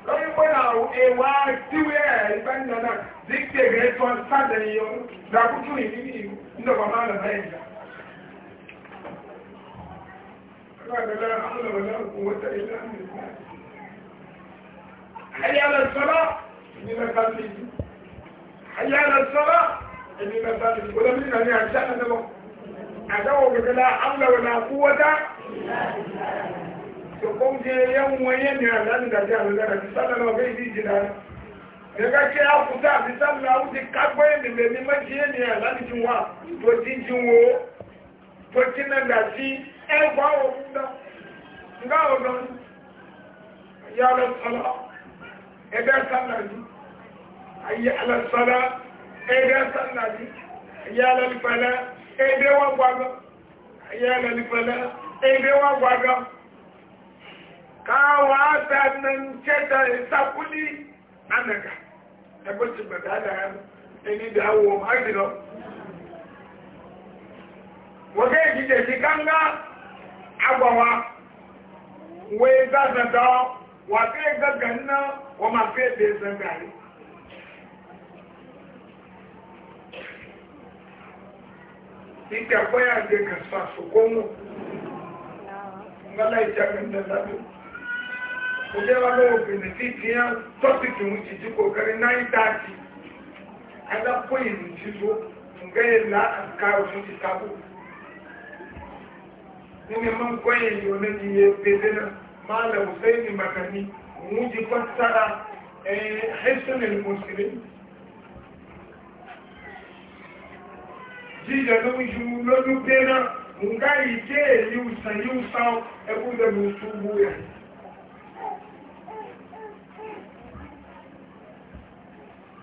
lórí pẹ́lú àwọn ewa tíwẹ́ ìgbàndàdà díkẹ̀ rẹ̀ tó sáàdẹ̀ yọ dàkútù ìdíbí ìdọ̀kọ̀ máa lọ báyìí gbà Gbàgbẹ́lá àwọn ọ̀lọ́wọ̀lá òkú wọ́tẹ̀ ilé àmì ìgbà. Ẹni àlọ́ ìṣọ́lá ìdílé ká sí ìdí. حي على الصلاة إني نصلي ولا من أن يعشان نبو أدعو بك لا حول ولا قوة تقوم جي يوم وين يا لأن دجال تصلى لو دي a kù tá àti sáàmì àwọn ti kápẹ́ ìdìbẹ̀ ní méjì ènìyàn láti jí wá tó ti jí wo tó ti nàgbà sí ẹgbà ayé alásọ́lá ẹ̀dẹ́ sàlàdí ayé alálùfẹ́lá ẹ̀dẹ́ wà gbàgbọ́ ayé alálùfẹ́lá ẹ̀dẹ́ wà gbàgbọ́ káwà tàbí kẹta ìsàkúlì anàgà ẹgbẹ́ ti gbẹ̀dá dáa ẹni dáwọ̀ ágbìlọ́ wọ́n kẹ́ ìjíjẹ̀ sí káńgá agbọ̀wà wọ́n ẹgbẹ́ àtàtà wà fẹ́ gẹ́gẹ́ náà wọ́n máa fẹ́ bẹ́ẹ̀ sẹ́gbẹ̀rẹ̀ ita kwaya da ka sa su komo ngala ita kan da zabi ko je wa go benefit ya topic mu ci ji kokari 930 ala point mu ci zo ngai la askar mu ci tabu ne man koyi yo ne ji ye pedena mala usaini makani mu ji eh muslimin jíjẹ ló ń ju lọ́dún pé náà mò ń gáyì dé èyí ìsàn yìí ń sàn ẹkú lẹ́nu ṣubú yẹn.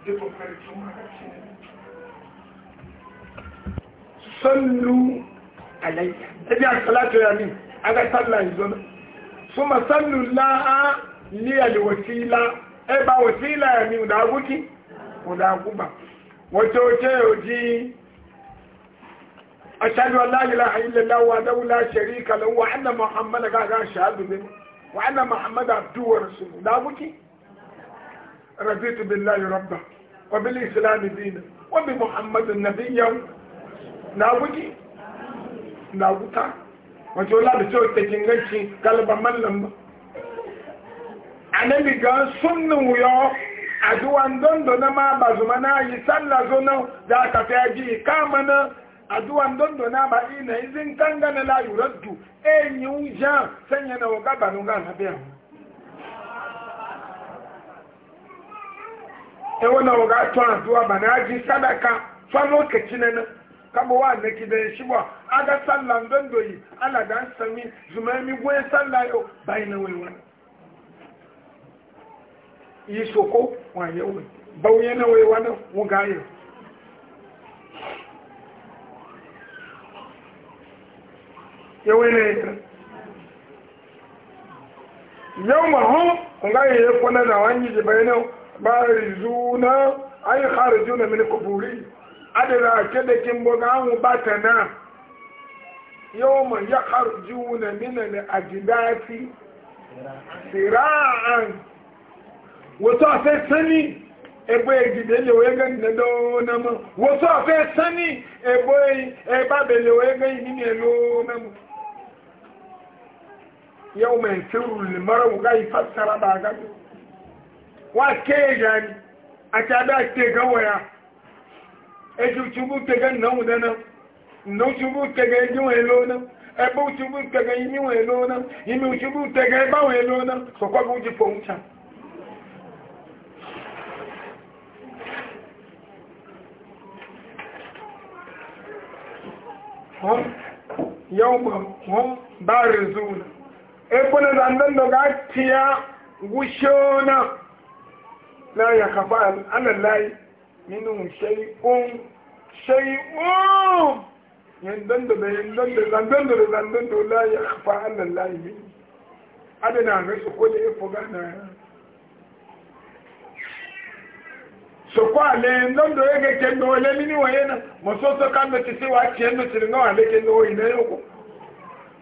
dípò pẹ̀lú tó máa ṣe é. sọ́lù àlẹ́yà ẹbí àṣàlátò yà mí agásàlá ìzọ́nà súnmọ̀ sọ́lù láà ní àlèwọ̀sílá ẹbà wọ̀sílá yà mí ọ̀dà agúkí ọ̀dà agúbà wọ́tí ó jẹ́ òjì أشهد أن لا إله إلا الله وحده لا شريك له وأن محمدا قال شهادة منه وأن محمدا عبده ورسوله لا بد رضيت بالله ربا وبالإسلام دينا وبمحمد النبي لا بد لا بد wato labisar ta kinganci galiban mallan ba annabi ga sunnin wuyo a duwan dondo na ma ba zuma na yi sallah zo nan za ka fi ji kama na aduwan dondo na ba ina izin kanga na la yuraddu enyi uja sanya na waga ba nunga na biya ewo na waga to aduwa ba na ji sadaka fa lokaci na na kabo wa na kidan shi ba aga sallan dondo yi ala dan sami zumami gwe sallayo bai na wai wani yi soko wa yawo bauye na wai wani wuga yau ewele yau mahun kunga yi ya kwana da wani jibai na bari zuna ayi kare juna mini kuburi adada ke da kin boga an bata na yau ma ya kare juna mini na ajidati sira'an wato a sai sani ebo egide lewe ya gani na mu wato a sai sani ebo eba belewe ya gani nini elo na mu yau mai firu limarau gai fassara ba gado wa ke gani a tada ke gawaya e ju chubu ke gan nau da nan no chubu ke ga yi wa elo nan e bu chubu ke ga yi wa elo nan yi mi chubu ke ba wa elo nan so kwa bu ji poncha هم يوم هم بارزون ekuna zandan da gatiya gushona la ya kafa ala lai minun shay'un shay'un yandan da yandan da zandan da zandan da la ya kafa ala lai min adana ga su ko da ifo gana so ko ale ndon do yege kendo ole mini wayena mososo kambe tisi wa kendo tiringa wale kendo ile yoko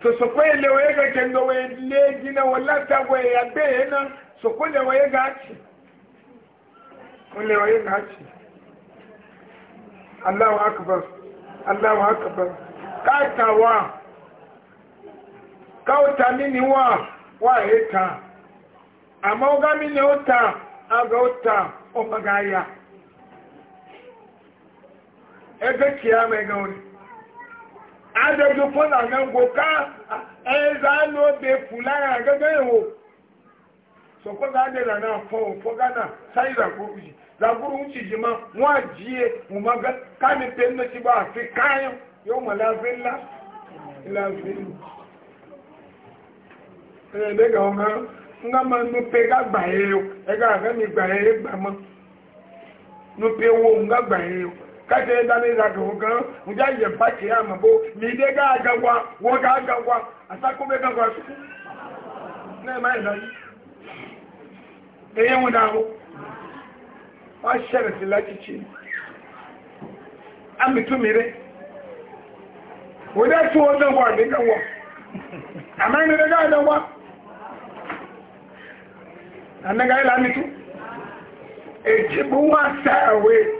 to so ko le n'oge ga kenga gina wala ta waye ya na so ko le waye ga ci ko le waye ga ci Allahu akbar Allahu akbar ka ta wa ka o ta wa wa he ama o mini mi o aga o ta ga ebe kiyama ga oni adọ́jú fún àgbẹ̀gbò ká ẹ̀ẹ́dà ló dé fù lára gẹ́gẹ́ ìwò sọ̀kọ́dà adẹ́dà náà fọ́ òfọ́ gánà sáyé ràgbòrò yìí ràgbòrò ń ṣìṣì máa wọ́n àjíyẹ mọ̀mọ́ e, káàmì pé ń lọ́sí bá àfi káyọ̀ yóò mọ̀ láàfin ńlá láàfin nù. ẹ̀ẹ́dẹ́gà ọmọ ńlá máa ń pe ká gbà yẹ ẹ̀ẹ́gà àgbẹ̀mí gbà yẹ gbà mọ́ ń kata ya dame za ga hukan nja ya baki ya mabo ni de ga agagwa wo ga gagwa asa ko be gagwa su na ma ya dai na yan wada ko wa shara silati ci an mutum mire wada su wannan wa de gagwa amma ni de ga gagwa annaga ila mitu e jibu wa sawe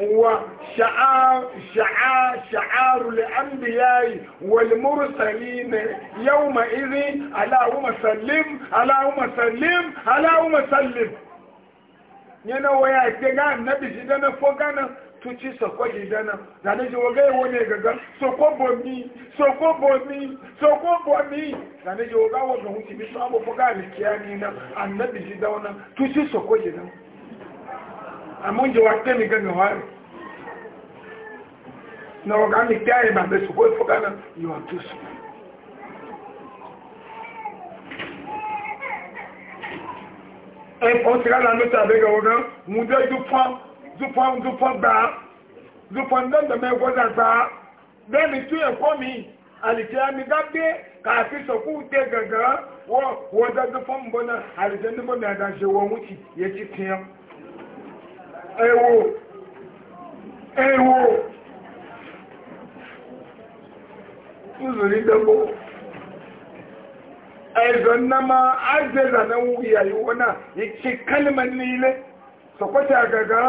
هو شعار شعار شعار الأنبياء والمرسلين يومئذ اللهم سلم اللهم سلم اللهم سلم yana waya ke ga annabi shi dana ko gana tuci soko shi dana da na ji waga yawo ne gaga soko bomi soko bomi soko bomi da na ji waga waga hunci bisu abubuwa ga alikiyami na annabi shi dauna tuci soko shi dana àmọ́ oúnjẹ wa tẹ́mi gẹ́gẹ́ wá rẹ̀ na ọ̀gá mi kí àyè màbẹ̀ sọ pé fọ́gá náà yóò wà tó sùn. ẹ fọ́n ti rárá ló tàbí ẹgbẹ̀ ọ̀gá mú dé dúpọ́n dúpọ́n dúpọ́n gbà á dúpọ́n mi àlìjẹ́ mi dágbé kàfi sọ̀kú dé gàngàn wọ́n wọ́n dẹ́gbẹ̀ fọ́n mbọ́n náà àlìjẹ́ nígbọ́n mi àdáṣe wọ́n mú ti yẹ ti tiẹ́. Ewu, ewu, uzuri dabo ẹ̀zọ̀n na ma ajẹ́zà na wuya yi wana ya ce kalmar nile sakwata gaga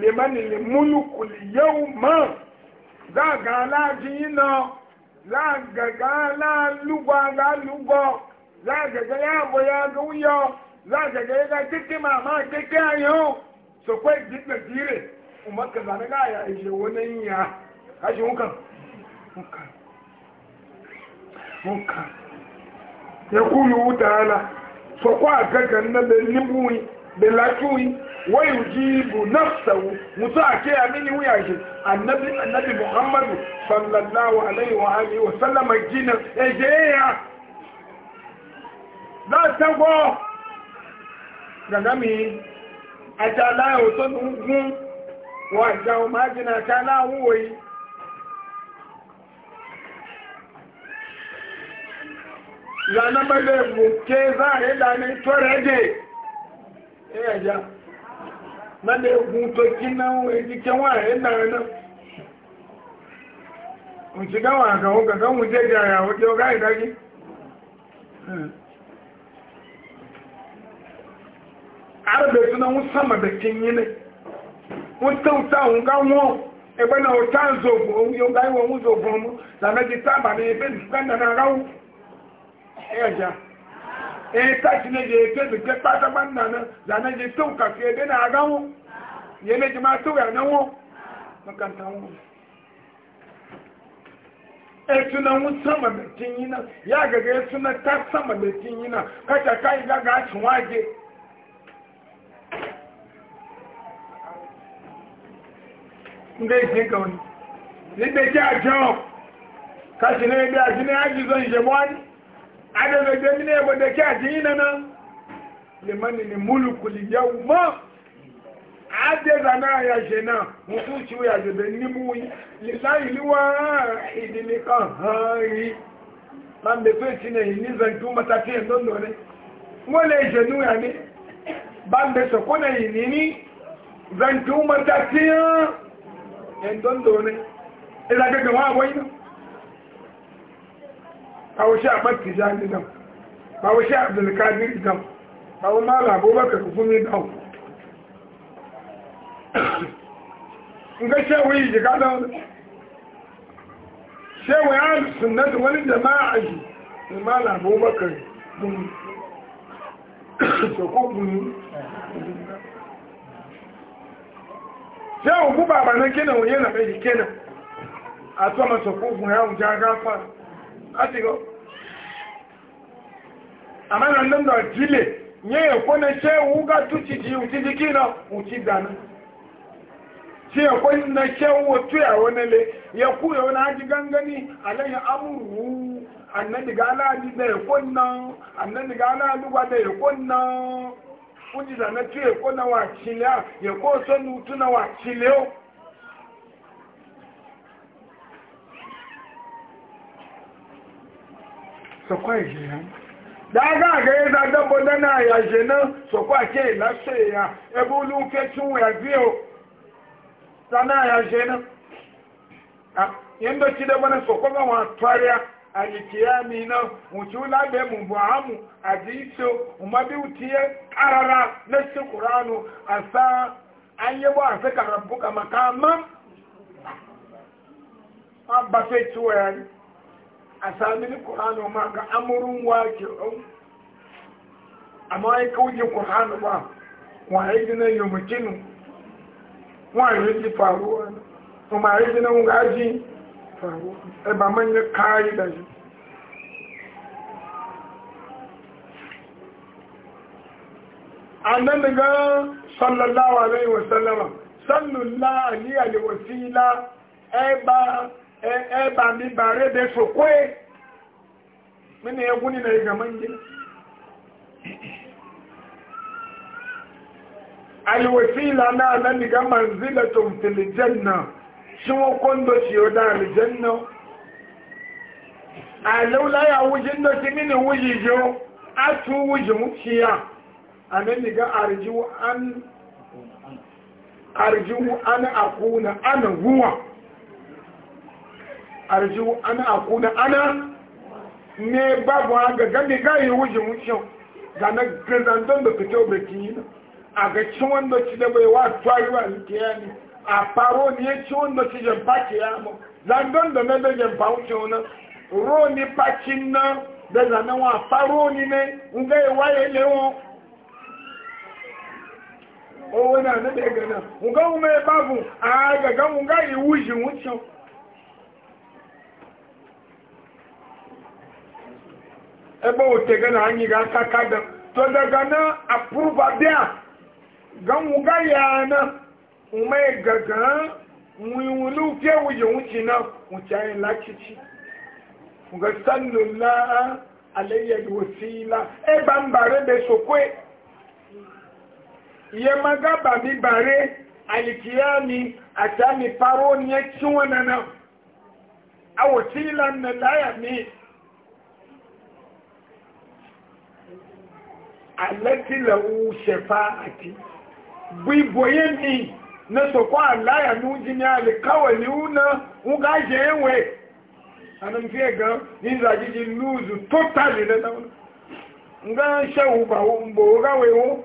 limani limulukul yau ma za ga alaji yi na za ga ga alalugba ga alugbo za ga ga ya abu ga wuyo za ga ga ya ga kiki mama kiki ayo so kwa jidda jire umar ka zane ga ya ishe wani ya kashi hunkan hunkan hunkan ya kulu wuta ala so kwa gagan na da libuwi da lafiyoyi wai yujibu nafsahu mutu a ke amini wuya shi annabi annabi muhammadu sallallahu alaihi wa alihi wa sallama gina ejeya za ta go gagami ajá aláwọ̀ tó ń gún wọn àjá ọmọ ajínà ajá aláwọ̀ wòye lànà mẹ́lẹ̀ mú ké záàrí lànà tó rẹ̀ dé ẹ̀yà mẹ́lẹ̀ ogun tó kí náà èdè kí wọ́n rẹ̀ náà náà òṣìgáwà àgbà ògàgà òun jẹ́ arabe suna wọn sama da nyi ne wọn tauta wọn ka wọn ebe na ota zobo yau ga iwon wọn zobo mu da na ji taba ne ebe nsuka na na rawu ẹja e ee tachi ne je ete bi ke patapa nna na da na ji tau kafi ebe na aga wọn yẹ ne ji ma tau ya na wọn makanta wọn etu na wọn sama da kinyi na ya gaga etu na ta sama da kinyi na kacha kai ga ga ci waje ndé ìṣẹ́gà òní nígbèjẹ́ àjọ kàṣì ní ẹgbẹ́ àjọ ní àjíṣọ́ ìṣẹ̀mọ́ni adẹ́gbẹ̀gbẹ́ ní ẹgbẹ̀dẹ̀ kí àjí yìí nana lèmọ́ni ni múlùkù lè yẹ mọ́ àdẹ́gbà náà yà ṣe náà mo tún ṣe wí àjọ̀dẹ̀ nímú láì líwá ìdílé kan hàn yìí máa ń bẹ fẹ́ sí ní zantú matakí ẹ̀ rẹ̀ wọ́n lè ṣe nú bá ń bẹ sọ̀kọ́ yìí ní zantú matakí ẹ̀ yan dondo ne ila ga gama wai nan kawo shi ahmad tijani nan kawo shi abdulkadir nan kawo mala abubakar gumi nan nga shewa yi jiga da wani shewa ya sunnata wani jama'a shi mala abubakar gumi so ko gumi sai bụ baba na kenan wani yana mai kenan a tuwa masa ya wuce gafa a ti go amma nan nan da jile nye ya kone se wuga tuci ji uti jiki na uti dana si ya kone na se wo ya wani le ya ku wani haji gangani alayin amuru annan diga ala da ya kone nan ala lugwa ya kone wọ́n zana tí èkó náà wà kílẹ̀ à èkó sọ́nù tún náà wà Daga agaghị za na ya sokwa ke lashe ya ebe olu nke cin ya sana ya je nan. Ah, Yanda sokwa ga wa tuwariya alikiyami na wucula da mu buhamu a jiso umabi utiye karara na kuranu a sa an yi ba suka rabu ka makaman an ba sai ciwo ya yi a sami ni kuranu ma ga amurin wake ɗau amma kuranu ba wa ya gina yi mutinu wa ya faruwa kuma ya gina ngaji faru e ba manya kayi da shi annabi ga sallallahu alaihi wasallama sallallahu alaihi alwasila e ba e ba mi bare de sokwe mini ya guni na ga manje alwasila na annabi ga manzilatun fil janna tí wọ́n kó ń lọ ṣe ọ̀dá àmìjẹ́ náà àlọ́láyà wújí ń lọ sí nínú wújí yíó á tún wújí mú sí yá àmẹ́nìgá àrìjíwú ana àkúnà ana wúwà àrìjíwú ana àkúnà ana ne babu aga gami gayi wújí mú sí ga na gazandon da fito bakin yi a ga cin wanda a ni ya ci wanda ci jamfa ke ya mu zandon da na da jamfa wuce wani ro ni na da zanen wa paro ni ne in ga yi waye lewo o na da ga nan in ga mu mai babu a ga ga mu ga yi wujin wuce ebe o ga na anyi ga aka da. to daga na approve abia ga mu ga na. mai gaggan wiwulu um fiye wuje wuce na wuce ayin lakici ga sannun na alayyar wasila e ban bare da sokwe ya maga ba mi bare alikiyami a ta faro ni ya ci wannan a wasilan na laya mi alati lahu shafa'ati bi boyen ni na sokwa Allah ya nuji ni alikawali una nga jewe ana mfiye ga ninza jiji luzu totally na dauna nga shehu ba mbo ga wewo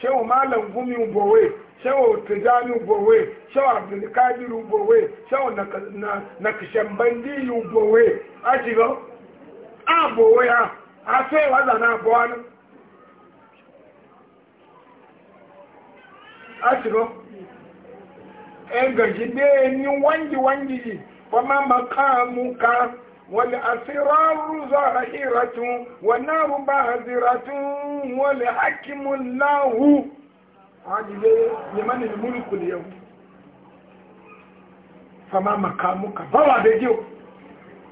shehu malam gumi mbo we shehu tijani mbo we shehu abdul kadir mbo we shehu na na, na kishambandi mbo we ajigo abo we ha afe waza na abo anu ajigo ẹgbẹ̀jì dé ni wáńjìwáńjì yìí wọ́n máa ma káàmù ká wọ́n lè àṣírọ́rù zọ́ra ìrà tún wọ́n náà rú bá àzìrà tún wọ́n lè hákìmù láhù fama o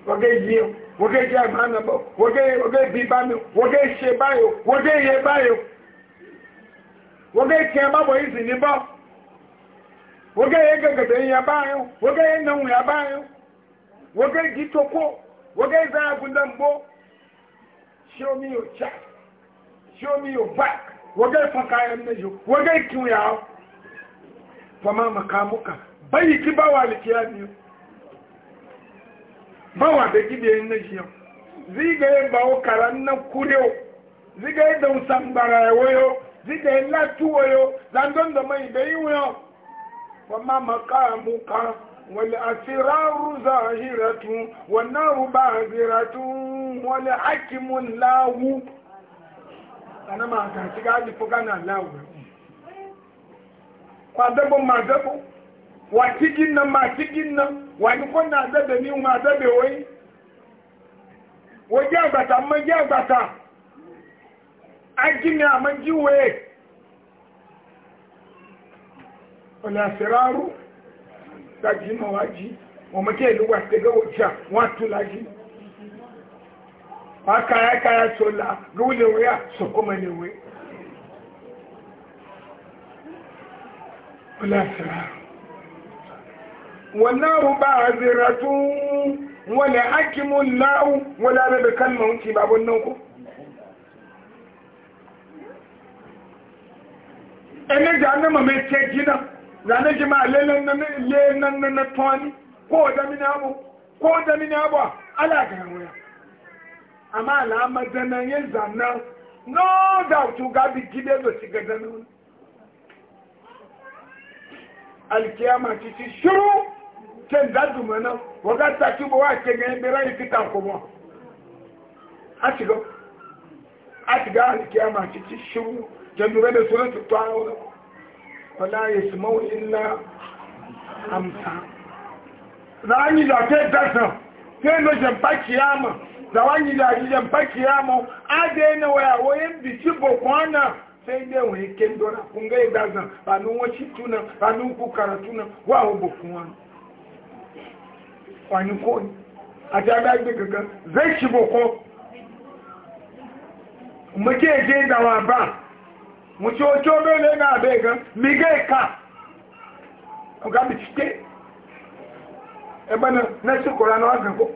wọ́gẹ́ yí o wọ́gẹ́ jẹ́ àmàna bọ́ wọ́gẹ́ bí bá mi wọ́gẹ́ ṣe báyò wọ́gẹ́ yẹ báyò woge ye gegede ya bayo woge ya bayo woge ji toko woge za ya gunda mbo show me your chest show me your back woge woge ya makamuka bayi ki bawa likiya biyu bawa da gide yin najiya ziga ye karan na kureo ziga ye dausan ya wayo ziga ye latuwayo da mai وما مقامك والأسرار ظاهرة والنار باهرة والحكم الله أنا ما كنت قاعد فوقنا الله kwadabu ma dabu wa cikin nan ma cikin nan wa ni ko na da ni ma da be wai wo je agbata ma je agbata agimi amaji we wala siraru taji ma waji wa mace ilu wa ta ga wuce wa tula ji ba kaya kaya sola gule wuya su kuma ne we wala siraru wannan ruba a ziratun wani hakimun la'u ẹnẹ́jà anẹ́mọ̀mẹ́ tẹ́ jìnnà zane ki ma le nan nan na tuwani ko da mini abu ko da mini abu ala ga waya amma alama zanen yin zanen no doubt ga bi gide da shiga zanen alkiyama ti ti shuru ken dadu mana waga ta ki bo wa ken yin bira yi fitan ko mo a ti ti ga alkiyama ti ti shuru jan dubbe da sunan wala yasma'u illa amsa zani da ke dasa ke no jan pakiyama zawani da jan pakiyama ade na waya wayen biki bokwana sai dai wani kendona kun ga dasa ba nun wace tuna ba nun ku karatuna wa hu bokwana kwani ko àti agbágbé kankan zai ṣe bokon muke je da wa ba muci ocho mele ga abe ga miga ka ga bi site e eh, bana na ci qur'an na ga ko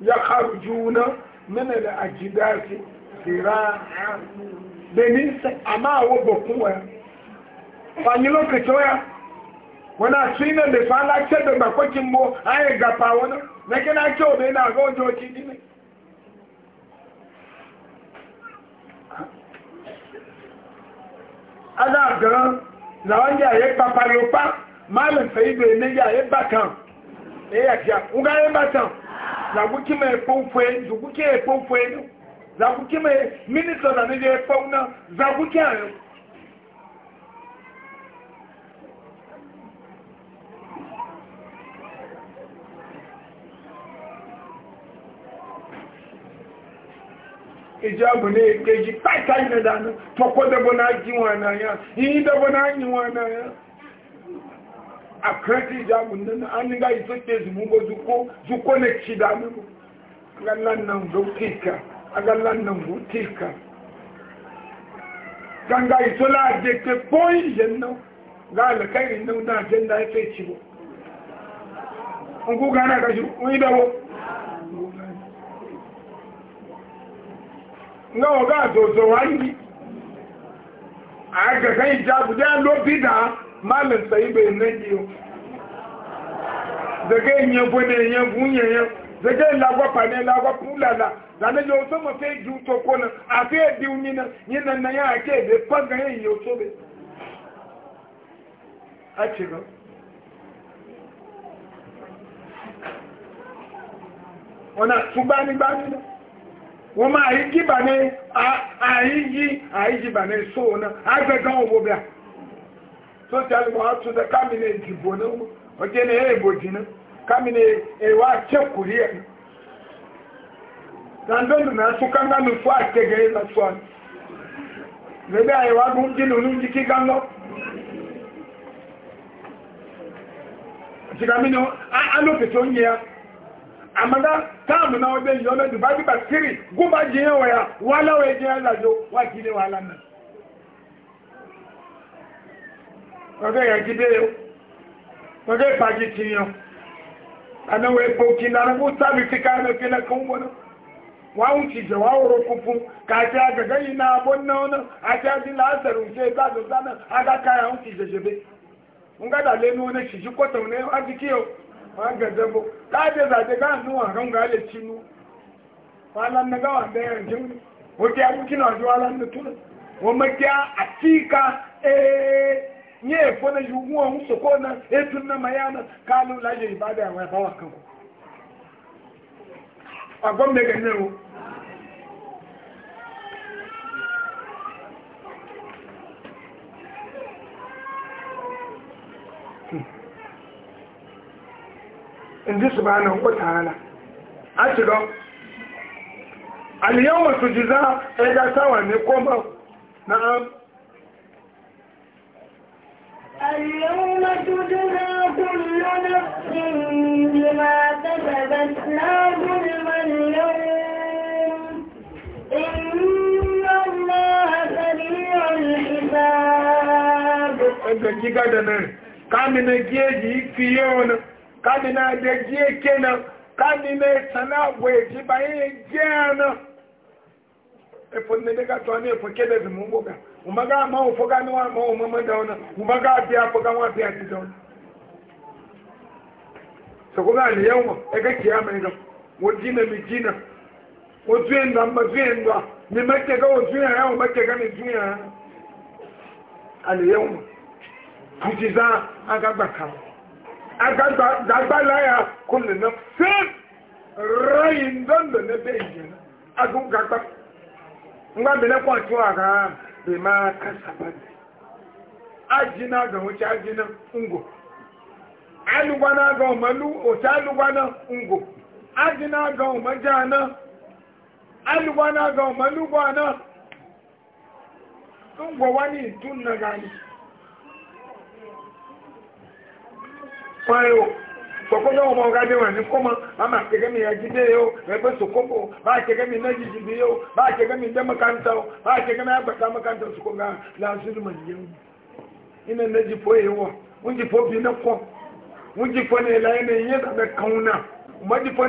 ya kharujuna min al ajdati sira'a ama wo bokun wa fanyi lokaci ya wani asu ina da fa lacce da bakwacin mo an yi gafa na kina kyau da ana garan lawan yaye papayopa malin sayido ne yaye bakan e yakiya nga ye bakan zaguki mai pomfwe zuguki ye pomfwe zaguki mai minista na ne ye fauna zaguki ayo ijabu ne keji tata ina dana toko dabo na ji wana ya yi dabo na yi wana ya a kreti ijabu nan an ga iso ke zumugo zuko zuko ne ci dana gallan nan go tika a ganga iso la je ke poi jenno ga la kai nan na jenda ya ke ci bo ngu gana ka ju náà ọgá àtòsọ wáyé àgàgà ìjàbùdá ló bídà málẹ̀ sẹ́yìnbẹ̀ nẹ́jì o zẹ̀gẹ́ ìyẹnbó ní ìyẹnbó yẹnyẹn zẹ̀gẹ́ ìlàgbọ́pà ní ìlàgbọ́pù lálà lálẹ́jọ́ sọ́mọ̀ fẹ́ jù tó kó na àti èdè nínú nínú náyà àti èdè pọ́gàn èyí ò sóbẹ̀ àtìrọ wọn náà tún bá nígbà nínú wọ́n máa yí kíbà ní àyíyí àyíyíbà ní sóò náà agbẹ̀gán owó bíà tó tẹ́lú wọn tún tẹ kámìnì ìdìbò náà ọjọ́ ní èèbò jìnnà kámìnì èèwà àtẹ́kùrí ẹ̀ dandọ́nù náà tún kángánù fún àtẹ́gẹ́ lọ́sọ̀ ọ́nà lẹ́gbẹ́ àyẹ̀wà gún jìnnà ní jíkí ń yẹ amada táàmù náà ọdẹ yìí ọlọ́dún bá gbígbà kiri gúbà jìyàn wọ̀ya wà láwọ̀ ẹjẹ́ ẹ̀làjò wà kí ní wàhálà náà ọdẹ yẹn kí dé yọ ọdẹ ìbàjì ti yàn anáwọ̀ epo kí náà kó sábì fi ká ẹnu kí náà kó ń wọnà wà ń ti jẹ̀ wà òrò funfun kàtí agàgà náà bó náà náà ṣe ìbàdàn sáná adákàyà ń ti jẹ̀jẹ̀ bẹ́ẹ̀ ń gádà lẹ́nu ọ̀nà ṣìṣ kaje zaje ga nuwa kan ga le cinu walan na ga wanda yan jin wote ya kuki na ji walan na tun wo makiya atika eh nye fo na yugun on so ko na etun na mayana kalu la je ibada wa fa wa kan ko agom inji subhanahu wa ta'ala a ci don aliyawa su ji za a ga sawa ne koma na am اليوم تجزى كل نفس بما كسبت لا ظلم اليوم إن الله سريع الحساب. أنت كي قاعدة نعم. كامل نجيجي في يوم kadi na da jiye kenan kadi na sana gwe ji bayan jiya na efo ne daga to ne efo kede bi mun boga umaga ma o foga ni wa ma o mama da ona umaga bi afoga wa bi ati da ona so ko ga ne yawo e ga kiyama ne ga wo jina mi jina wo tuyen da ma tuyen da ni makke ga wo tuyen ya wo makke ga ni tuyen ale yawo kujiza aga gbakawo agbagbala ya kulle na fin rayin don da na bai yi na agun gagba ngba bi na kwanci wa ga bai ma kasa ba ne ajina ga wuce ajina ngo alugwana ga omalu otu alugwana ngo ajina ga omaja na alugwana ga omalu gwa na ngo wani tun na gani fayo sọkọjọ ọmọ ọgá dé wọn ní kọmọ àmà kẹkẹ mi ẹjídé yìí o ẹgbẹ sọkọbọ báà kẹkẹ mi méjì jìbì yìí o báà kẹkẹ mi jẹ mẹkántà báà kẹkẹ mi agbàtà mẹkántà sọkọgá làásùlù mà yẹ wọn. ina na jifo yi wa mun jifo bi na kɔ mun jifo ne la yana yi da na kauna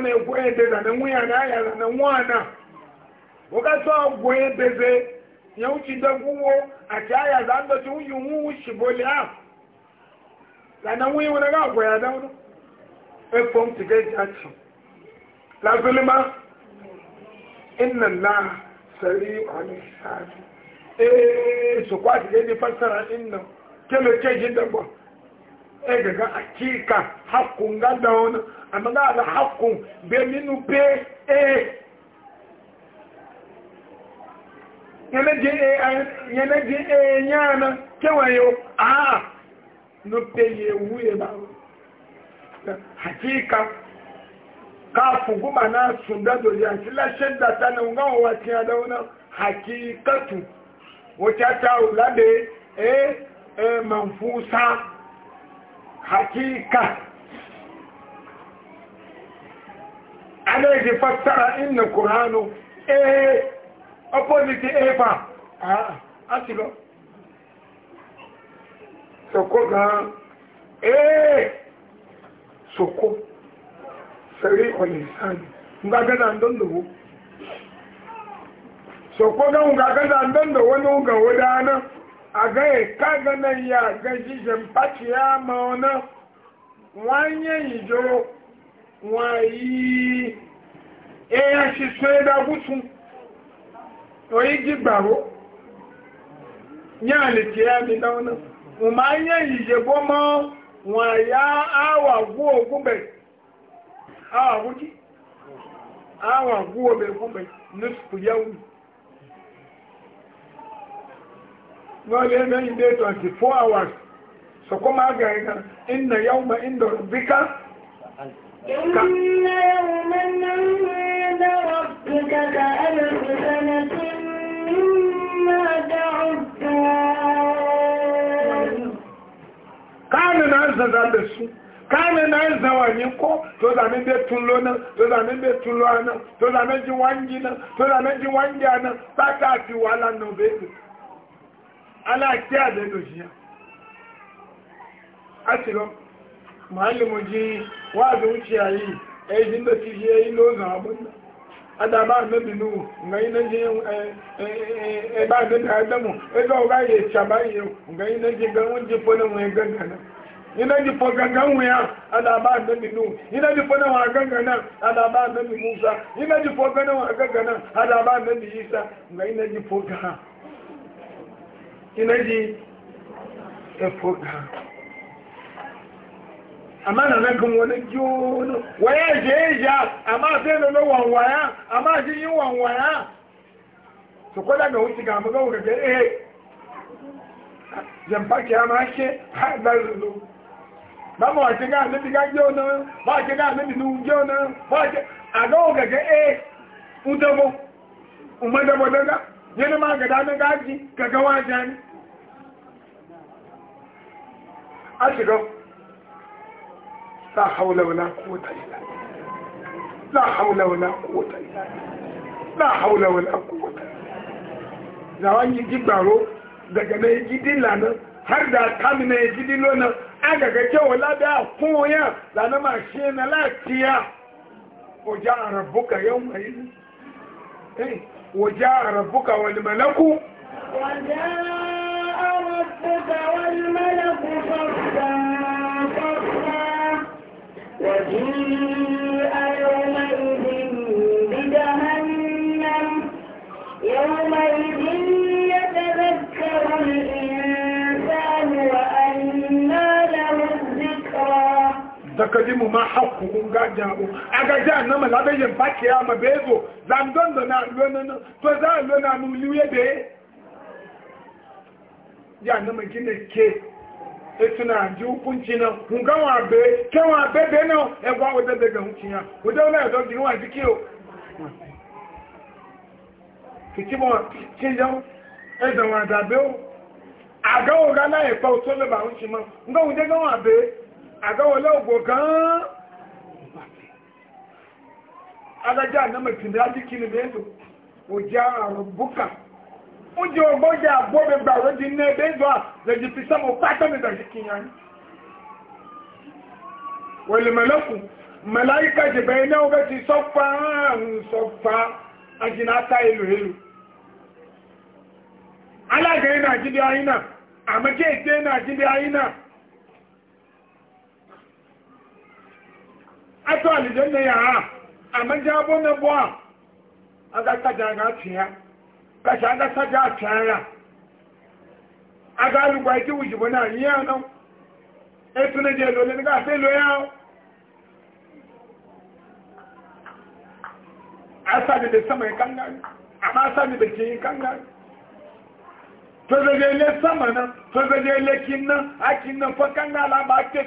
na wuya na ya da na na o ka ya zan da ci wuyi lana wuyi wani ga agwa ya dawo efo mti ga ji aci lazulima inna na sali wani sabi ee su kwati ga ji fassara inna kele ke ji dagwa e gaga akika hakkun ga dawo na amma ga da be minu be e yana je e yana je e nupeye wuye ba hakika kafu guma na sunda doji a ti lashe da ta na ngan wa ti ada wona hakikatu wata ta ulade e e manfusa hakika ana yi fassara inna qur'anu e opposite e fa a ah, a ti soko gan ee eh! soko sari olisan n'gagada gada ndon dogo soko gan nga gada ndon dogo ni nga aga e gana ya ga jije mpachi ya ma ona nwanye ijo nwayi e ya shi so da gutu oyi gigbaro nya le mi da ona ụmụanya yijegbo mọ nwa ya awa gwuo ogwube awa gwuji awa gwuo be gwube nusufu ya wuru n'ọlụ ebe ndị 24 hours so kuma ga ga ya yawma inda rabbika ka zaza da su kane na yin zawani ko to zane be tunlo nan to zane be tunlo nan to zami ji wangi nan to zami ji wangi nan ta fi wala nan ala da ya a ciro muhallimu ji wazo wuciya yi ya yi da ya yi lozan nan yi ebe ina ji fo gangan wuya ana ba annabi nu ina ji fo na wa gangana ana ba annabi musa ina ji fo gana wa gangana ana ba annabi isa nga ina ji fo ga ina ji e fo na nan kan wani jono waya je ja amma sai na no wanwaya amma ji yin wanwaya to kwada ga wuce ga mu ga ga eh jampa kiyama ke ha da zulu ba ma wace ga annabi ga je ona ba wace ga annabi nu je ona ba wace a ga ga ga eh udabo umma da bodaga yana ma ga dana gaji ka ga wajani a shiga la haula wala quwwata illa la haula wala quwwata illa la haula wala quwwata zawan yi jigbaro daga na yi gidi lana har da kamina yi gidi agàgà jẹ́ wọ́n ládàá fún wọn yàn lànà máa ṣe é náà láti yá ọjà àràbùkà yẹn wọ̀n yìí ọjà àràbùkà wọ́n ni mẹ́lẹ́kù. ọjà àràbùkà wọ́n ni mẹ́lẹ́kù fọ́fà fọ́fà wọ́n yìí. zakadimu ma hakkun gaja bu aga ja na malabe yin baki ya zandon da na lona to za lona mu liwe be ya na magina ke etuna ji hukunci na hungan wa be ke wa be be e na egwa wada daga hunci ya wada wala ya zogi wa jiki o kiti mo kinjan ezan wa dabe o aga o ga na epa o to le ba hunci ma nga wunde ga wa be àgáwọlé ògbò gan-an adájá ànámọ̀ tìǹdà ájíkìlì mẹ́lò òjá àrùn búkà ó jẹ́ ọgbọ́jà àgbọ́gbẹ̀gbà rẹ́jì ní ẹgbẹ́ ìzọ́ àrẹ́jì fi sọ́mọ̀ pátọ́mìdà síkìyàn wẹ̀lẹ̀mẹ̀lẹ́kùn mẹ̀láyíká jẹ̀bẹ̀ iná ọgbẹ́ ti sọ́fà àrùn sọ́fà ajínátá ìlú ìlú alágẹ̀ẹ́ nàìjíríà yìí náà àmẹ́kẹ́ ìtẹ́ nàìjíríà yìí ato alijanna ya ha amma jabo na a ga kaja ga tiya kashi aga saja ike wujibo na yi yana etu na je lole ga fe lo ya a sama ya kangare amma a sami da ke sama na to zaje le kin na a kin na fa kangala ba ke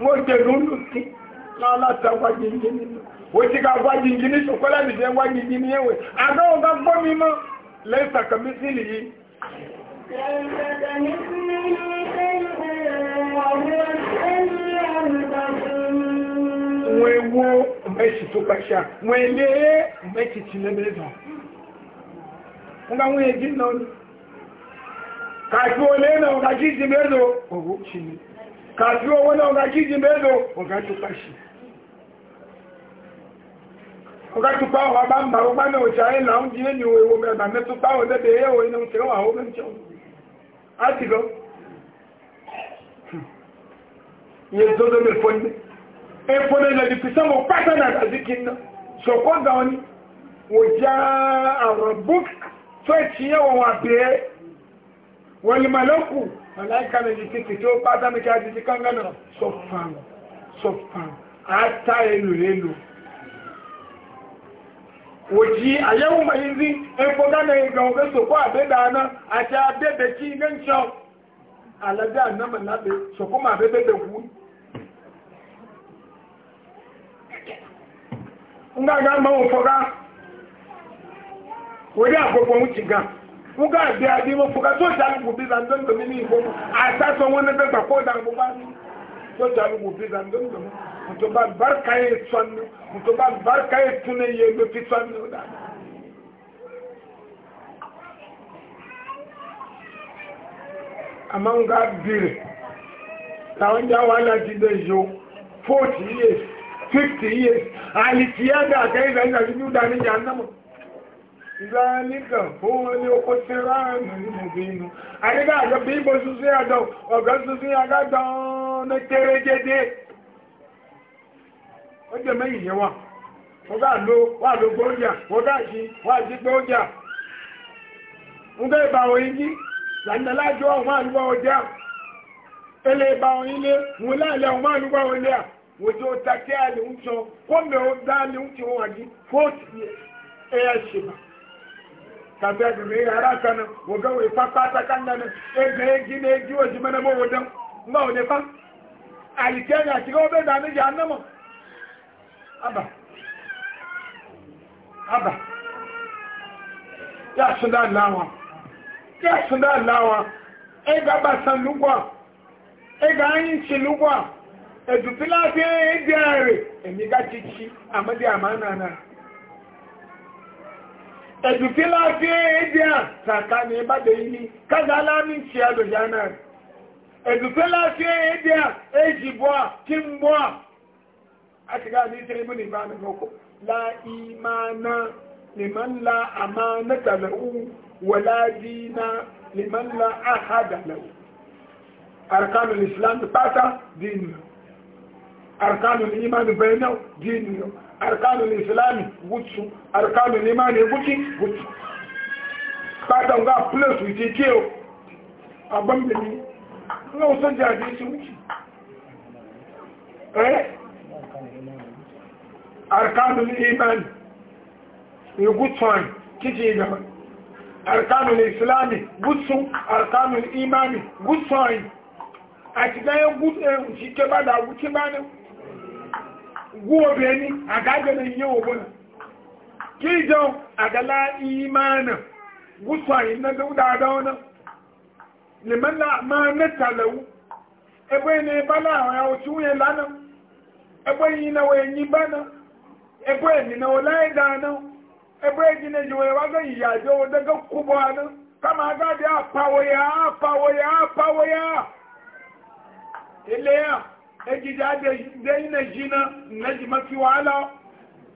mọ́jẹ̀lú ń lù sí láàlátà wájìnjì nínú òtí ká wájìnjì ní ṣòkọ́lá nìjẹ́ wájìnjì ní ẹ̀wẹ̀ àdáwọn bá gbọ́ mímọ́ lẹ́yìn sàkàmí sí nìyí wọ́n ewó mẹ́sì tó pàṣà wọ́n ilé mẹ́sì tí lẹ́mẹ́lẹ́dọ̀ wọ́n bá wọ́n èdè náà káàkiri olè náà káàkiri ti mẹ́rọ kàdúró wọn náà ọ̀gá jíjì mélòó ọ̀gá tó pàṣì ọ̀gá tó pa ọ̀gá bá ń bà ọgbá náà ọ̀chá ẹ̀ là ń jí ẹni ìwò mẹ́bà mẹ́tò pa ọ̀dẹ́ bẹ̀ ẹ̀yẹ̀wò iná ń tẹ̀wọ̀ àwọn ọmọ ìjọ àti lọ ni wọ́n malaika méjì ti tó pátá méjì àti ti kán gánà sọfàn sọfàn àtà èlò èlò òjì àyẹ̀wò mayízi epo gánà ìgbà òkè sòkó àbẹ́dà àná àti abẹ́bẹ̀ kí ilé ń sọ àlẹ́dẹ́ ànámà lábẹ́ sòkó mà abẹ́bẹ̀ bẹ̀ wú. ń gàgà máa ń fọ́gá wòlé àpòpọ̀ ń ti gan kuka abi abi mo fuka so jalu ku bi zan don do mini ko a ta so won na ba ko da ko ba so jalu ku bi zan don do mu to ba barka e son mu to ba barka e tune ye be fi son no da amma nga bire ta won ja wala ji de jo 40 years 50 years ali tiya da kai zan da ju zalika huwa al-khusranul mubin ariga ga bibo su sai ado oga su sai aga don na terejede o de mai yewa o ga lo wa lo gboja o ga ji wa ji gboja nga ba o yin landa lajo o ma lu oja ele ba o ile won la le o ma lu ba o ile a wojo takia le unso ko me o da le unso wa ji 40 years e ya shiba tafiya da zai yara kanin waga wai fafa ta kan nan e ga ya gina ya ji waje mana mawa wadan ba wani fa a yi kenya shiga wabe da ni ji annama abba ya su lawa ya su lawa e ga ba san lugwa e ga anyi ci lugwa e dupila fi e re e mi ga ci ci amma di na ẹ̀dùfí láti èdè àtàkà ní ìbádẹ̀ yìí ní kágálá ní ṣe àdòjá náà ẹ̀dùfí láti èdè èjìbọ́ kí ń bọ́ àti gáà ní ṣe ibú nìbá nínú ọkọ̀ láìmáná lèmọ́nlá àmá nẹ́tàlẹ̀wú wọ̀láàdínà lèmọ́nlá àhádàlẹ̀wú arkanu imani bayanau dini yau arkanu islami gutsu arkanu imani gutsi gutsu kada nga plus with ikeo abin da ni nga usan jaje su wuce eh arkanu imani ya gutsu an kiji gaba arkanu islami gutsu arkanu imani gutsu an a cikin yan gutsu ya wuce ke ba da wuce ba ne guwa beni a gaganin yau wani kijan agala gala imanin gusayen na dauda da wani liman na ma na talau ebe ne bala ya wuce wuye lana ebe yi na wayan yi bana ebe yi na wala ya dana ebe yi na jiwa ya waga yi yaje daga kuba na kama gadi a pawo ya pawo ya pawo ya ile ya ejida da yi na ji na na mafi wahala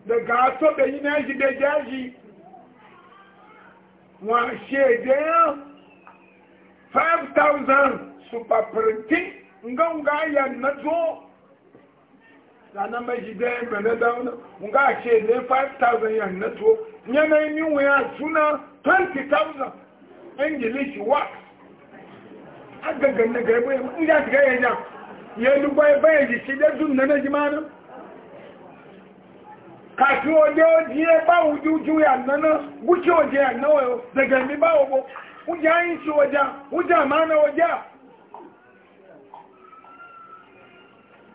da gaso da yi na ji da jaji wa shedayen 5,000 superprinting ngonga ya na zo ranar mai jidayen bane dauna nga shedayen 5,000 ya na zo yanayi niwu ya suna 20,000 english wax agagan na gaibu ya ya shiga yanyan ya dubai bai ji shi da zun na ji mana kàtí òde òdi ẹ báwo jújú ànáná gúúsù òde ànáwó ẹ dẹ̀gẹ̀ mi báwo bo oúnjẹ ayé ṣe ọjà oúnjẹ àmàna ọjà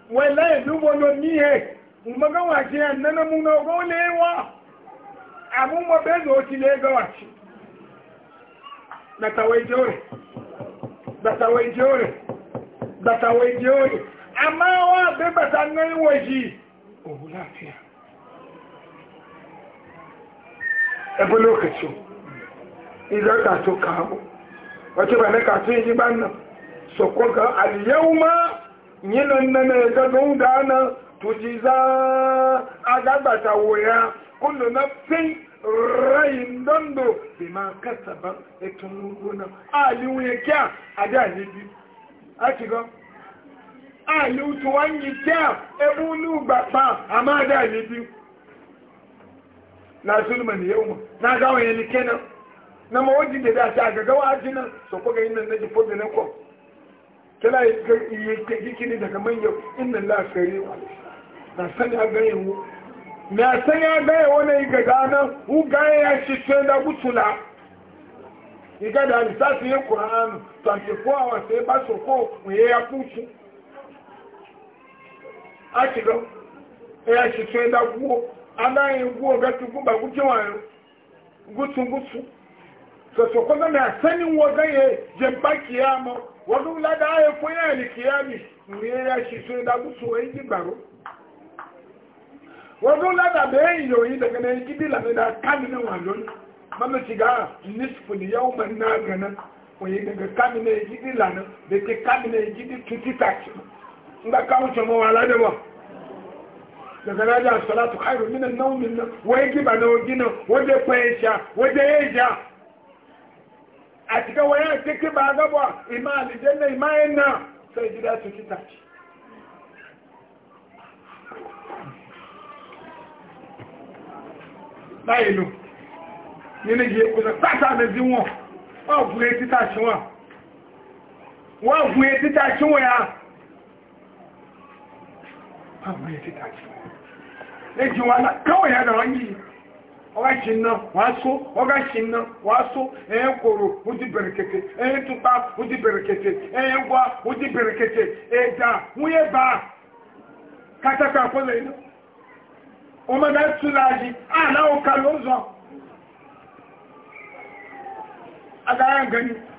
wẹ̀ láì dúbọ̀ lọ ní ẹ̀ mọ̀gáwà ṣe ànáná múná ọgọ́ ó lé wá àmúmọ̀ bẹ́ẹ̀ bàtà wọ ìdí òyì a máa wá bí bàtà ní ìwọ̀ yìí òwú láàfíà ẹbú lókèṣù ìzọ́ta tó káàbù wọ́tí bà ní kàtí ìdí bá nà sọ̀kọ́ ga àlìyẹ́wò máa yínà nana ẹ̀gẹ́gẹ́ ń dáná tó ti zá agbàgbàtà wò ya kúndùn náà fín rayin dondo bí máa kẹsàbá ètò nínú náà àlìwò yẹ kí a adé àníbi a shiga ah liwutu wa an dị diya ebluwu ba ba amma adị ah libi na suluma nyeu ma na agawanyi like na na ma o ji dị daa saa aga ga ɔ hachi na sokoge ndo na ji pobi na kpọm. kala ayi ndo daga manyau in na laafee na sani agayi hụ na sani agayi hụ na ịga zaa na ya ya chi siyen na igada alisasi ye 24 hours ye ba soko ye ya kutu akido eya sitwenda guo anaye guo gatugumba gujewayo gutu gutu soso kwanza na asani woga ye jempa kiyamo wadu lada ayo kwenya alikiyami mweya sitwenda gutu weji baro wadu lada na na mama shiga nisfu ni yau man na gana wani daga kamina ya gidi lana da ke kamina ya gidi tuti taci in ga kawo ce ma wala da ba daga na ja salatu khairu min an-nawm nan wai giba na gina waje kwaisha waje yaja a cikin waya take ba gaba imani janna imani na sai gida tuti taci láìlú nínú iye kòsàn pàtàkì sí wọn wọ́n fún etí tàṣí wọn wọ́n fún etí tàṣí wọn ya wọ́n fún etí tàṣí wọn lẹ́jì wọn káwọn ya náà yìí ọgá ṣe ná wọ́n á só ọgá ṣe ná wọ́n á só ẹ̀yẹn kòrò ó ti bẹ̀rẹ̀ kẹtẹ ẹ̀yẹn tupa ó ti bẹ̀rẹ̀ ẹ̀yẹn wá ó ti bẹ̀rẹ̀ kẹtẹ a kayan gani